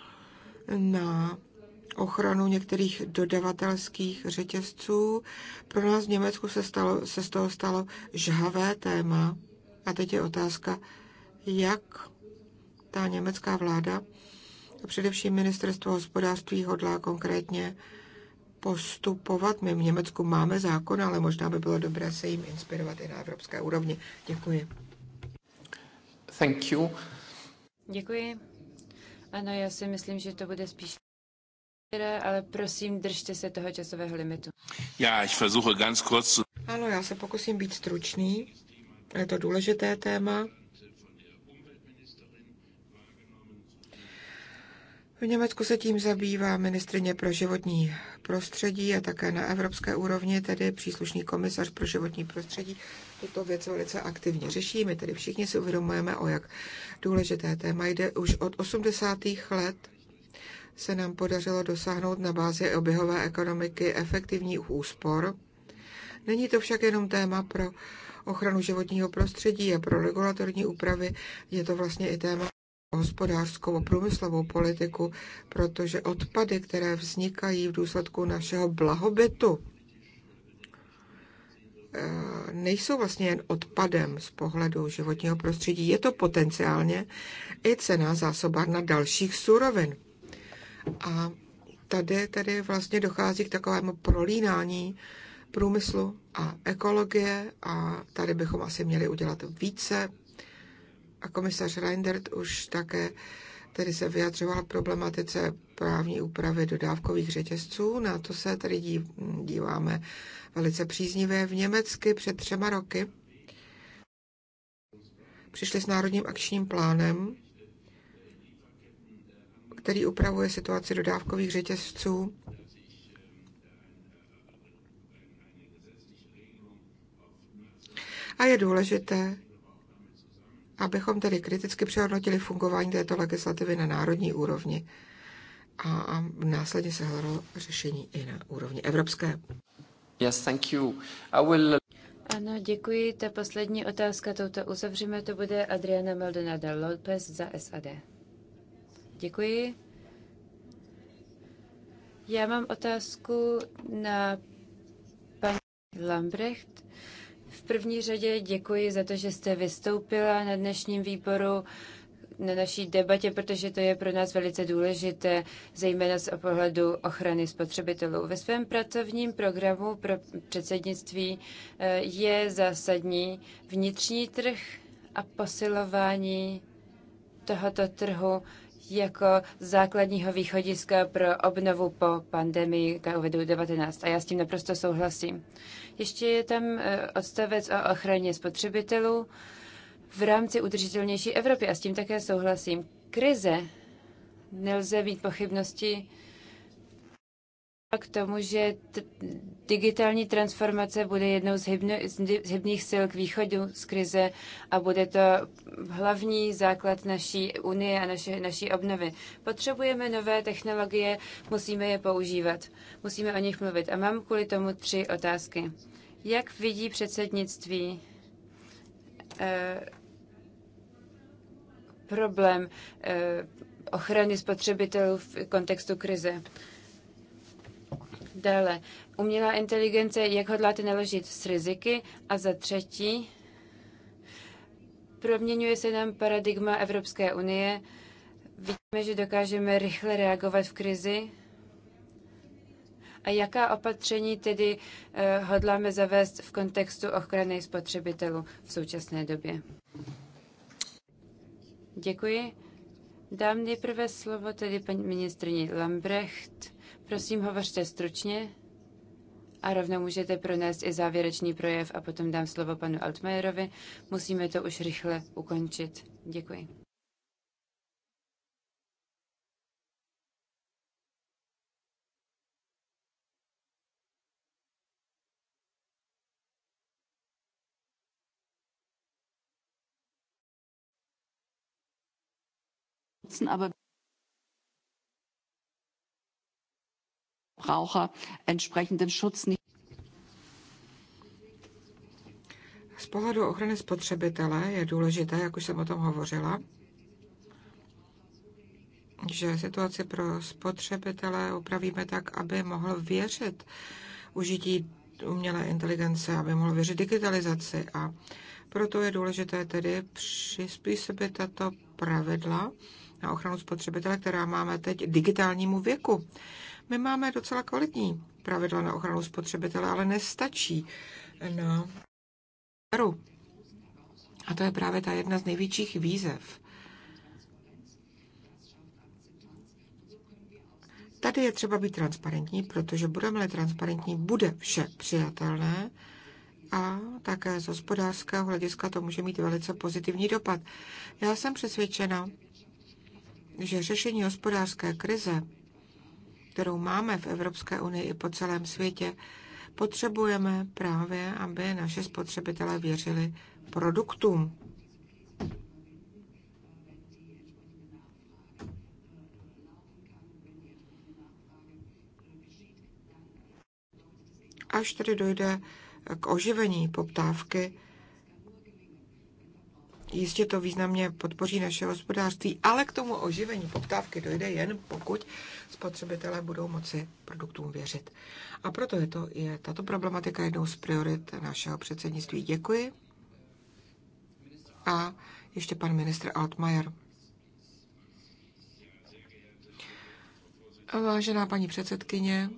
na ochranu některých dodavatelských řetězců. Pro nás v Německu se, stalo, se z toho stalo žhavé téma. A teď je otázka, jak ta německá vláda, a především ministerstvo hospodářství, hodlá konkrétně postupovat. My v Německu máme zákon, ale možná by bylo dobré se jim inspirovat i na evropské úrovni. Děkuji. Thank you. Děkuji. Ano, já si myslím, že to bude spíš ale prosím, držte se toho časového limitu. Já, ich versuche ganz kurz. Ano, já se pokusím být stručný. Je to důležité téma. V Německu se tím zabývá ministrině pro životní prostředí a také na evropské úrovni, tedy příslušný komisař pro životní prostředí, tuto věc velice aktivně řeší. My tedy všichni si uvědomujeme, o jak důležité téma jde. Už od 80. let se nám podařilo dosáhnout na bázi oběhové ekonomiky efektivních úspor. Není to však jenom téma pro ochranu životního prostředí a pro regulatorní úpravy, je to vlastně i téma hospodářskou a průmyslovou politiku, protože odpady, které vznikají v důsledku našeho blahobytu, eh, nejsou vlastně jen odpadem z pohledu životního prostředí. Je to potenciálně i cená zásobárna dalších surovin. A tady, tady vlastně dochází k takovému prolínání průmyslu a ekologie a tady bychom asi měli udělat více a komisař Reindert už také tedy se vyjadřoval problematice právní úpravy dodávkových řetězců. Na to se tedy díváme velice příznivě. V Německy před třema roky přišli s národním akčním plánem, který upravuje situaci dodávkových řetězců a je důležité, abychom tedy kriticky přehodnotili fungování této legislativy na národní úrovni a, a následně se hledalo řešení i na úrovni evropské. Yes, thank you. I will... Ano, děkuji. Ta poslední otázka, touto uzavřeme, to bude Adriana Maldonada López za SAD. Děkuji. Já mám otázku na paní Lambrecht první řadě děkuji za to, že jste vystoupila na dnešním výboru na naší debatě, protože to je pro nás velice důležité, zejména z pohledu ochrany spotřebitelů. Ve svém pracovním programu pro předsednictví eh, je zásadní vnitřní trh a posilování tohoto trhu jako základního východiska pro obnovu po pandemii COVID-19. A já s tím naprosto souhlasím. Ještě je tam e, odstavec o ochraně spotřebitelů v rámci udržitelnější Evropy a s tím také souhlasím. Krize nelze mít pochybnosti k tomu, že digitální transformace bude jednou z, hybno, z hybných sil k východu z krize a bude to hlavní základ naší unie a naše, naší obnovy. Potřebujeme nové technologie, musíme je používat, musíme o nich mluvit. A mám kvůli tomu tři otázky. Jak vidí předsednictví? Eh, problém eh, ochrany spotřebitelů v kontextu krize. Dále, umělá inteligence, jak hodláte naložit s riziky? A za třetí, proměňuje se nám paradigma Evropské unie. Vidíme, že dokážeme rychle reagovat v krizi. A jaká opatření tedy eh, hodláme zavést v kontextu ochrany spotřebitelů v současné době? Děkuji. Dám nejprve slovo tedy paní ministrině Lambrecht Prosím, hovořte stručně a rovnou můžete pronést i závěrečný projev a potom dám slovo panu Altmajerovi. Musíme to už rychle ukončit. Děkuji. aber Verbraucher entsprechenden Schutz nicht. Z pohledu ochrany spotřebitele je důležité, jak už jsem o tom hovořila, že situaci pro spotřebitele upravíme tak, aby mohl věřit užití umělé inteligence, aby mohl věřit digitalizaci a proto je důležité tedy přizpůsobit tato pravidla na ochranu spotřebitele, která máme teď digitálnímu věku. My máme docela kvalitní pravidla na ochranu spotřebitele, ale nestačí na no. A to je právě ta jedna z největších výzev. Tady je třeba být transparentní, protože budeme-li transparentní, bude vše přijatelné a také z hospodářského hlediska to může mít velice pozitivní dopad. Já jsem přesvědčena, že řešení hospodářské krize, kterou máme v Evropské unii i po celém světě, potřebujeme právě, aby naše spotřebitelé věřili produktům. Až tedy dojde k oživení poptávky, Jistě to významně podpoří naše hospodářství, ale k tomu oživení poptávky dojde jen pokud spotřebitelé budou moci produktům věřit. A proto je, to, je tato problematika jednou z priorit našeho předsednictví. Děkuji. A ještě pan ministr Altmaier. Vážená paní předsedkyně,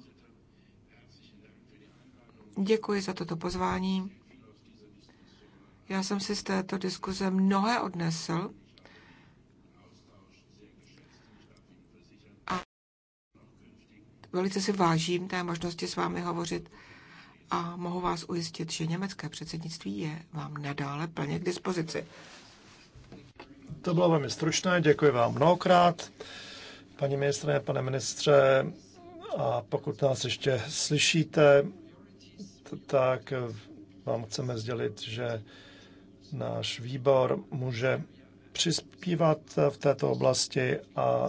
děkuji za toto pozvání. Já jsem si z této diskuze mnohé odnesl. A velice si vážím té možnosti s vámi hovořit a mohu vás ujistit, že německé předsednictví je vám nadále plně k dispozici. To bylo velmi stručné, děkuji vám mnohokrát. Paní ministrině, pane ministře, a pokud nás ještě slyšíte, tak vám chceme sdělit, že náš výbor může přispívat v této oblasti a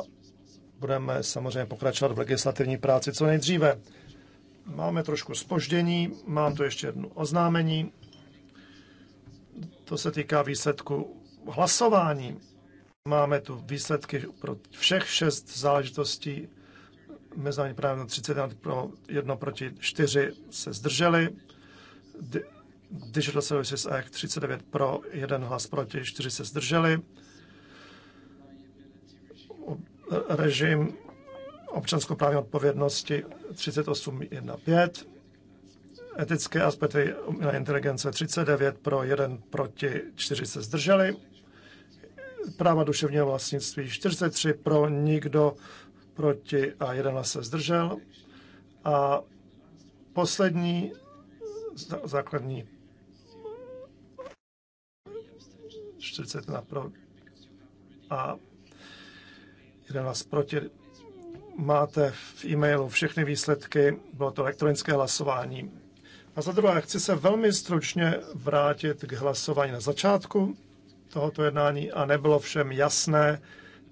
budeme samozřejmě pokračovat v legislativní práci co nejdříve. Máme trošku spoždění, mám tu ještě jedno oznámení. To se týká výsledku hlasování. Máme tu výsledky pro všech šest záležitostí mezinárodní právě 31 pro 1 proti 4 se zdrželi. Digital Services Act 39 pro, jeden hlas proti, čtyři se zdrželi. Režim občanskoprávní odpovědnosti 38.1.5. Etické aspekty umělé inteligence 39 pro, jeden proti, čtyři se zdrželi. Práva duševního vlastnictví 43 pro, nikdo proti a jeden se zdržel. A poslední základní 41 pro a 11 proti. Máte v e-mailu všechny výsledky, bylo to elektronické hlasování. A za druhé, chci se velmi stručně vrátit k hlasování na začátku tohoto jednání a nebylo všem jasné,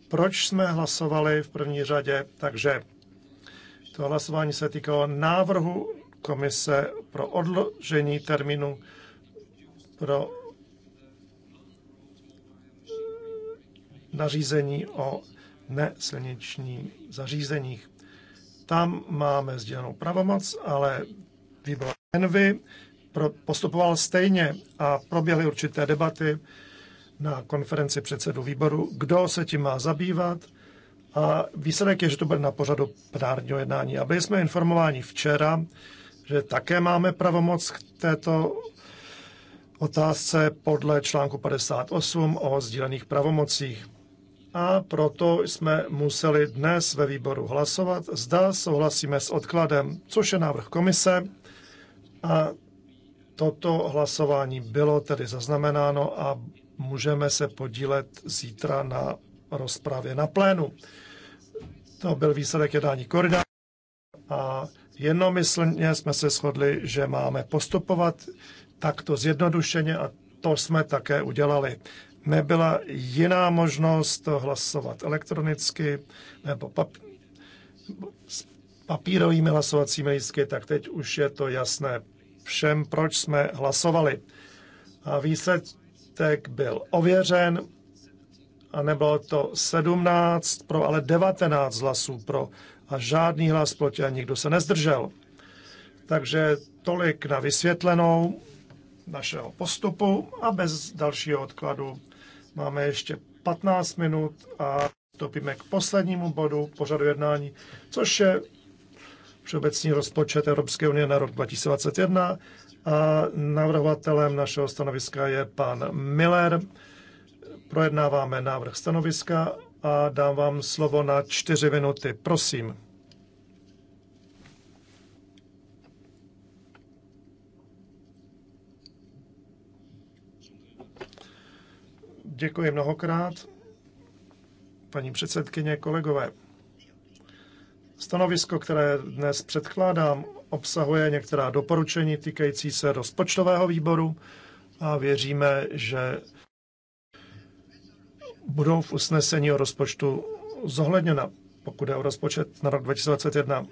proč jsme hlasovali v první řadě, takže to hlasování se týkalo návrhu komise pro odložení termínu pro nařízení o nesilničních zařízeních. Tam máme sdělenou pravomoc, ale výbor Envy postupoval stejně a proběhly určité debaty na konferenci předsedu výboru, kdo se tím má zabývat. A výsledek je, že to bude na pořadu plenárního jednání. A byli jsme informováni včera, že také máme pravomoc k této otázce podle článku 58 o sdílených pravomocích a proto jsme museli dnes ve výboru hlasovat, zda souhlasíme s odkladem, což je návrh komise a toto hlasování bylo tedy zaznamenáno a můžeme se podílet zítra na rozpravě na plénu. To byl výsledek jednání koordinátorů a jednomyslně jsme se shodli, že máme postupovat takto zjednodušeně a to jsme také udělali nebyla jiná možnost hlasovat elektronicky nebo s papírovými hlasovacími lístky, tak teď už je to jasné všem, proč jsme hlasovali. A výsledek byl ověřen a nebylo to 17 pro, ale 19 hlasů pro a žádný hlas proti a nikdo se nezdržel. Takže tolik na vysvětlenou našeho postupu a bez dalšího odkladu Máme ještě 15 minut a vstoupíme k poslednímu bodu pořadu jednání, což je Všeobecný rozpočet Evropské unie na rok 2021 a navrhovatelem našeho stanoviska je pan Miller. Projednáváme návrh stanoviska a dám vám slovo na čtyři minuty. Prosím. Děkuji mnohokrát, paní předsedkyně, kolegové. Stanovisko, které dnes předkládám, obsahuje některá doporučení týkající se rozpočtového výboru a věříme, že budou v usnesení o rozpočtu zohledněna, pokud je o rozpočet na rok 2021.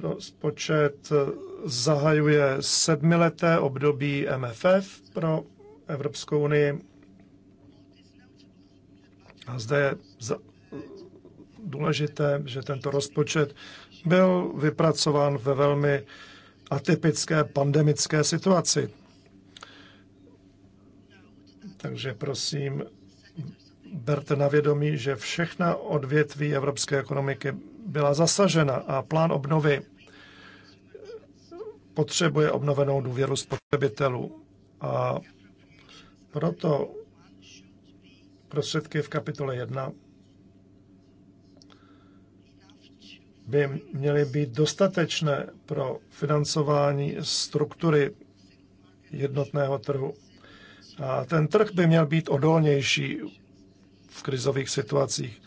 Rozpočet zahajuje sedmileté období MFF pro Evropskou unii a zde je důležité, že tento rozpočet byl vypracován ve velmi atypické pandemické situaci. Takže prosím, berte na vědomí, že všechna odvětví evropské ekonomiky byla zasažena a plán obnovy potřebuje obnovenou důvěru spotřebitelů. A proto prostředky v kapitole 1 by měly být dostatečné pro financování struktury jednotného trhu. A ten trh by měl být odolnější v krizových situacích.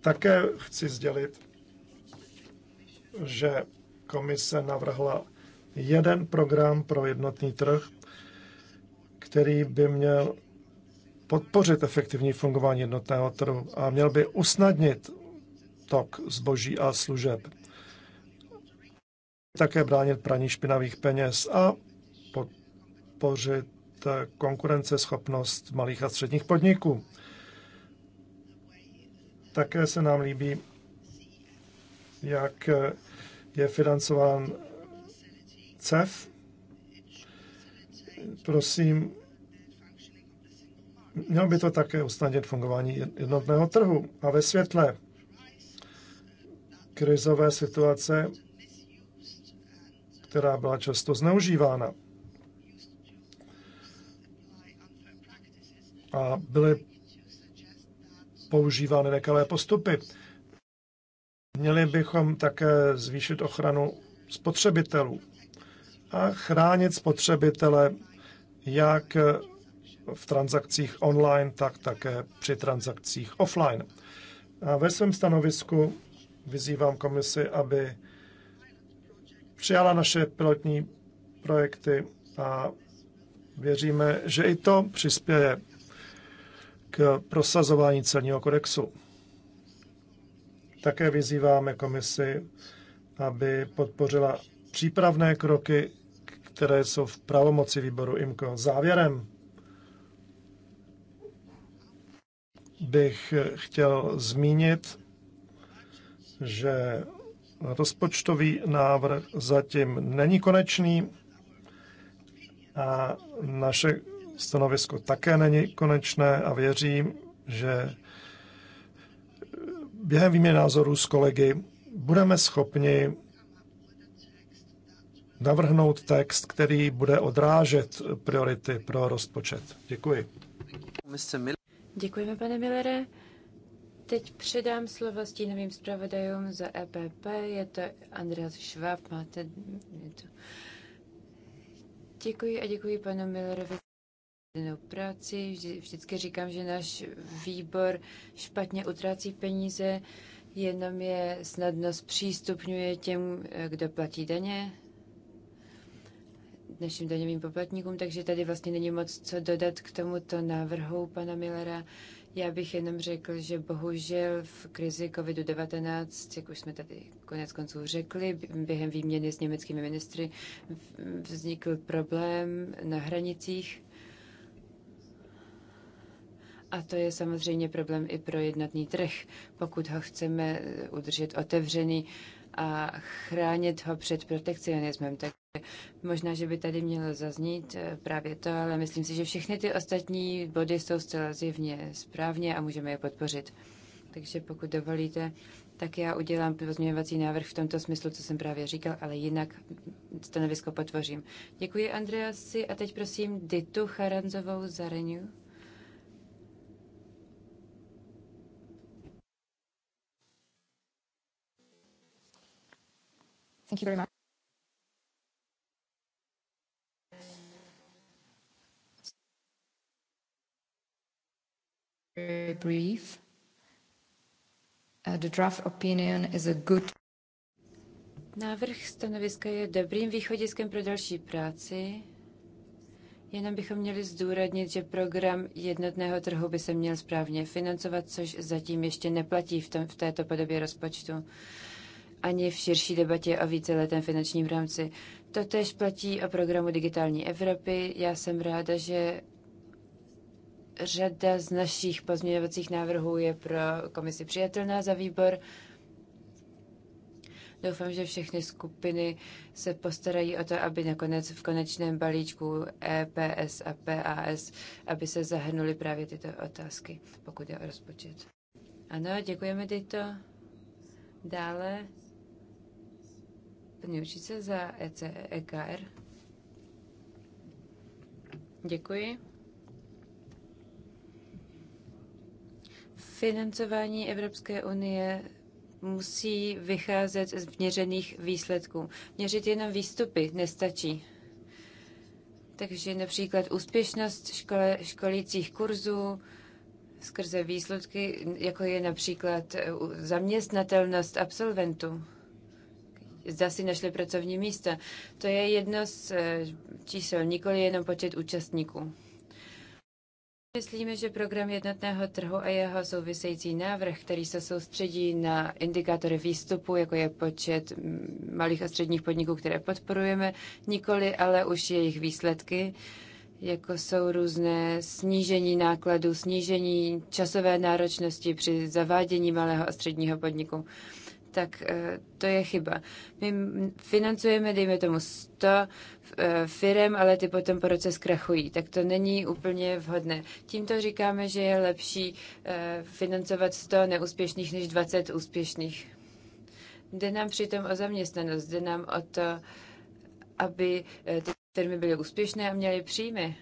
Také chci sdělit, že komise navrhla jeden program pro jednotný trh, který by měl podpořit efektivní fungování jednotného trhu a měl by usnadnit tok zboží a služeb. Také bránit praní špinavých peněz a podpořit konkurenceschopnost malých a středních podniků. Také se nám líbí, jak je financován CEF. Prosím, Mělo by to také usnadnit fungování jednotného trhu. A ve světle krizové situace, která byla často zneužívána, a byly používány nekalé postupy. Měli bychom také zvýšit ochranu spotřebitelů a chránit spotřebitele jak v transakcích online, tak také při transakcích offline. A ve svém stanovisku vyzývám komisi, aby přijala naše pilotní projekty a věříme, že i to přispěje k prosazování celního kodexu. Také vyzýváme komisi, aby podpořila přípravné kroky, které jsou v pravomoci výboru IMCO. Závěrem bych chtěl zmínit, že rozpočtový návrh zatím není konečný a naše stanovisko také není konečné a věřím, že během výměny názorů s kolegy budeme schopni navrhnout text, který bude odrážet priority pro rozpočet. Děkuji. Děkujeme, pane Millere. Teď předám slovo stínovým zpravodajům za EPP. Je to Andreas Schwab. Máte... Děkuji a děkuji panu Millerovi vedenou práci. Vždy, vždycky říkám, že náš výbor špatně utrácí peníze, jenom je snadno zpřístupňuje těm, eh, kdo platí daně našim daňovým poplatníkům, takže tady vlastně není moc co dodat k tomuto návrhu pana Millera. Já bych jenom řekl, že bohužel v krizi COVID-19, jak už jsme tady konec konců řekli, během výměny s německými ministry vznikl problém na hranicích. A to je samozřejmě problém i pro jednotný trh, pokud ho chceme udržet otevřený a chránit ho před protekcionismem. Tak Možná, že by tady mělo zaznít eh, právě to, ale myslím si, že všechny ty ostatní body jsou zcela zjevně správně a můžeme je podpořit. Takže pokud dovolíte, tak já udělám pozměňovací návrh v tomto smyslu, co jsem právě říkal, ale jinak stanovisko potvořím. Děkuji, Andreasi. A teď prosím Ditu Charanzovou za Renew. Thank you very much. very brief. Uh, the draft opinion is a good Návrh stanoviska je dobrým východiskem pro další práci. Jenom bychom měli zdůraznit, že program jednotného trhu by se měl správně financovat, což zatím ještě neplatí v, tom, v této podobě rozpočtu ani v širší debatě o víceletém finančním rámci. Totež platí o programu Digitální Evropy. Já jsem ráda, že řada z našich pozměňovacích návrhů je pro komisi přijatelná za výbor. Doufám, že všechny skupiny se postarají o to, aby nakonec v konečném balíčku EPS a PAS, aby se zahrnuly právě tyto otázky, pokud je o rozpočet. Ano, děkujeme to. Dále paní učice za ECEKR. Děkuji. Financování Evropské unie musí vycházet z měřených výsledků. Měřit jenom výstupy nestačí. Takže například úspěšnost škole, školících kurzů skrze výsledky, jako je například eh, zaměstnatelnost absolventů. Zda si našli pracovní místa. To je jedno z eh, čísel, nikoli jenom počet účastníků. Myslíme, že program jednotného trhu a jeho související návrh, který se soustředí na indikátory výstupu, jako je počet malých a středních podniků, které podporujeme, nikoli ale už jejich výsledky, jako jsou různé snížení nákladů, snížení časové náročnosti při zavádění malého a středního podniku tak eh, to je chyba. My financujeme, dejme tomu, 100 eh, firem, ale ty potom proces krachují. Tak to není úplně vhodné. Tímto říkáme, že je lepší eh, financovat 100 neúspěšných než 20 úspěšných. Jde nám přitom o zaměstnanost, jde nám o to, aby ty firmy byly úspěšné a měly příjmy.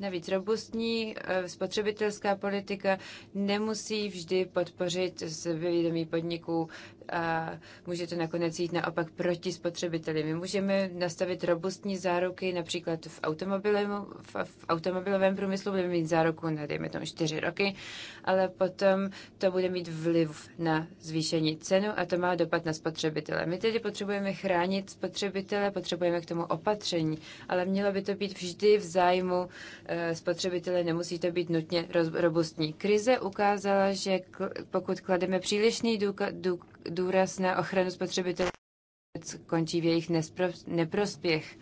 Navíc robustní eh, spotřebitelská politika nemusí vždy podpořit svědomí podniků a může to nakonec jít naopak proti spotřebiteli. My můžeme nastavit robustní záruky, například v, v, v automobilovém průmyslu budeme mít záruku na, dejme tomu, čtyři roky, ale potom to bude mít vliv na zvýšení cenu a to má dopad na spotřebitele. My tedy potřebujeme chránit spotřebitele, potřebujeme k tomu opatření, ale mělo by to být vždy v zájmu eh, spotřebitele, nemusí to být nutně robustní. Krize ukázala, že pokud klademe přílišný důkaz, důkaz důraz na ochranu spotřebitelů končí v jejich neprospěch,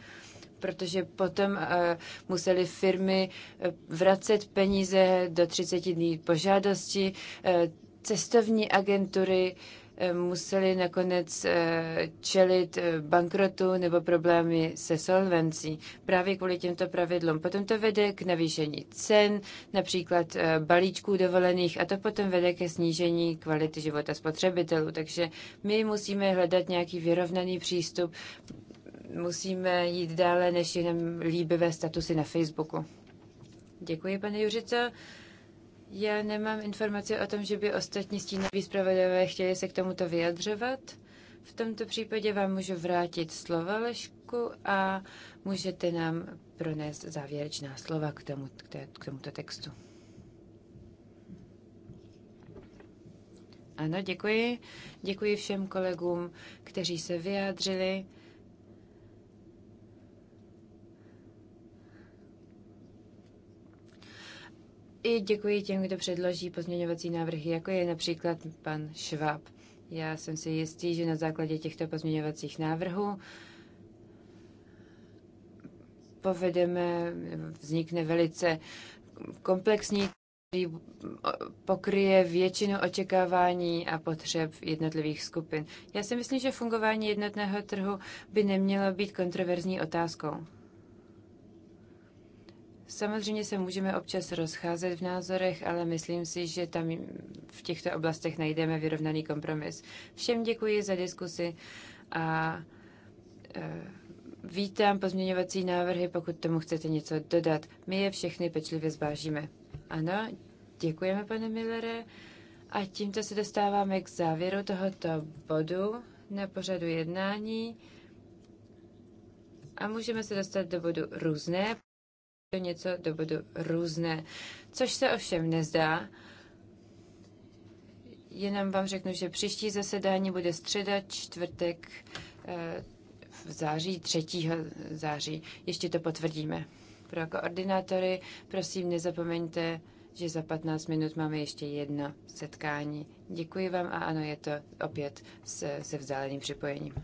protože potom eh, museli firmy eh, vracet peníze do 30 dní po žádosti, eh, cestovní agentury museli nakonec eh, čelit eh, bankrotu nebo problémy se solvencí právě kvůli těmto pravidlům. Potom to vede k navýšení cen, například eh, balíčků dovolených a to potom vede ke snížení kvality života spotřebitelů. Takže my musíme hledat nějaký vyrovnaný přístup, musíme jít dále než jenom líbivé statusy na Facebooku. Děkuji, pane Juřico. Já nemám informaci o tom, že by ostatní stínoví zpravodajové chtěli se k tomuto vyjadřovat. V tomto případě vám můžu vrátit slova Lešku a můžete nám pronést závěrečná slova k, tomu, k, té, k tomuto textu. Ano, děkuji. Děkuji všem kolegům, kteří se vyjádřili. I děkuji těm, kdo předloží pozměňovací návrhy, jako je například pan Šváb. Já jsem si jistý, že na základě těchto pozměňovacích návrhů povedeme, vznikne velice komplexní, který pokryje většinu očekávání a potřeb jednotlivých skupin. Já si myslím, že fungování jednotného trhu by nemělo být kontroverzní otázkou. Samozřejmě se můžeme občas rozcházet v názorech, ale myslím si, že tam v těchto oblastech najdeme vyrovnaný kompromis. Všem děkuji za diskusi a e, vítám pozměňovací návrhy, pokud tomu chcete něco dodat. My je všechny pečlivě zvážíme. Ano, děkujeme, pane Millere. A tímto se dostáváme k závěru tohoto bodu na pořadu jednání. A můžeme se dostat do bodu různé do něco do bodu různé, což se ovšem nezdá. Jenom vám řeknu, že příští zasedání bude středa, čtvrtek eh, v září, 3. září. Ještě to potvrdíme. Pro koordinátory, prosím, nezapomeňte, že za 15 minut máme ještě jedno setkání. Děkuji vám a ano, je to opět se, se vzdáleným připojením.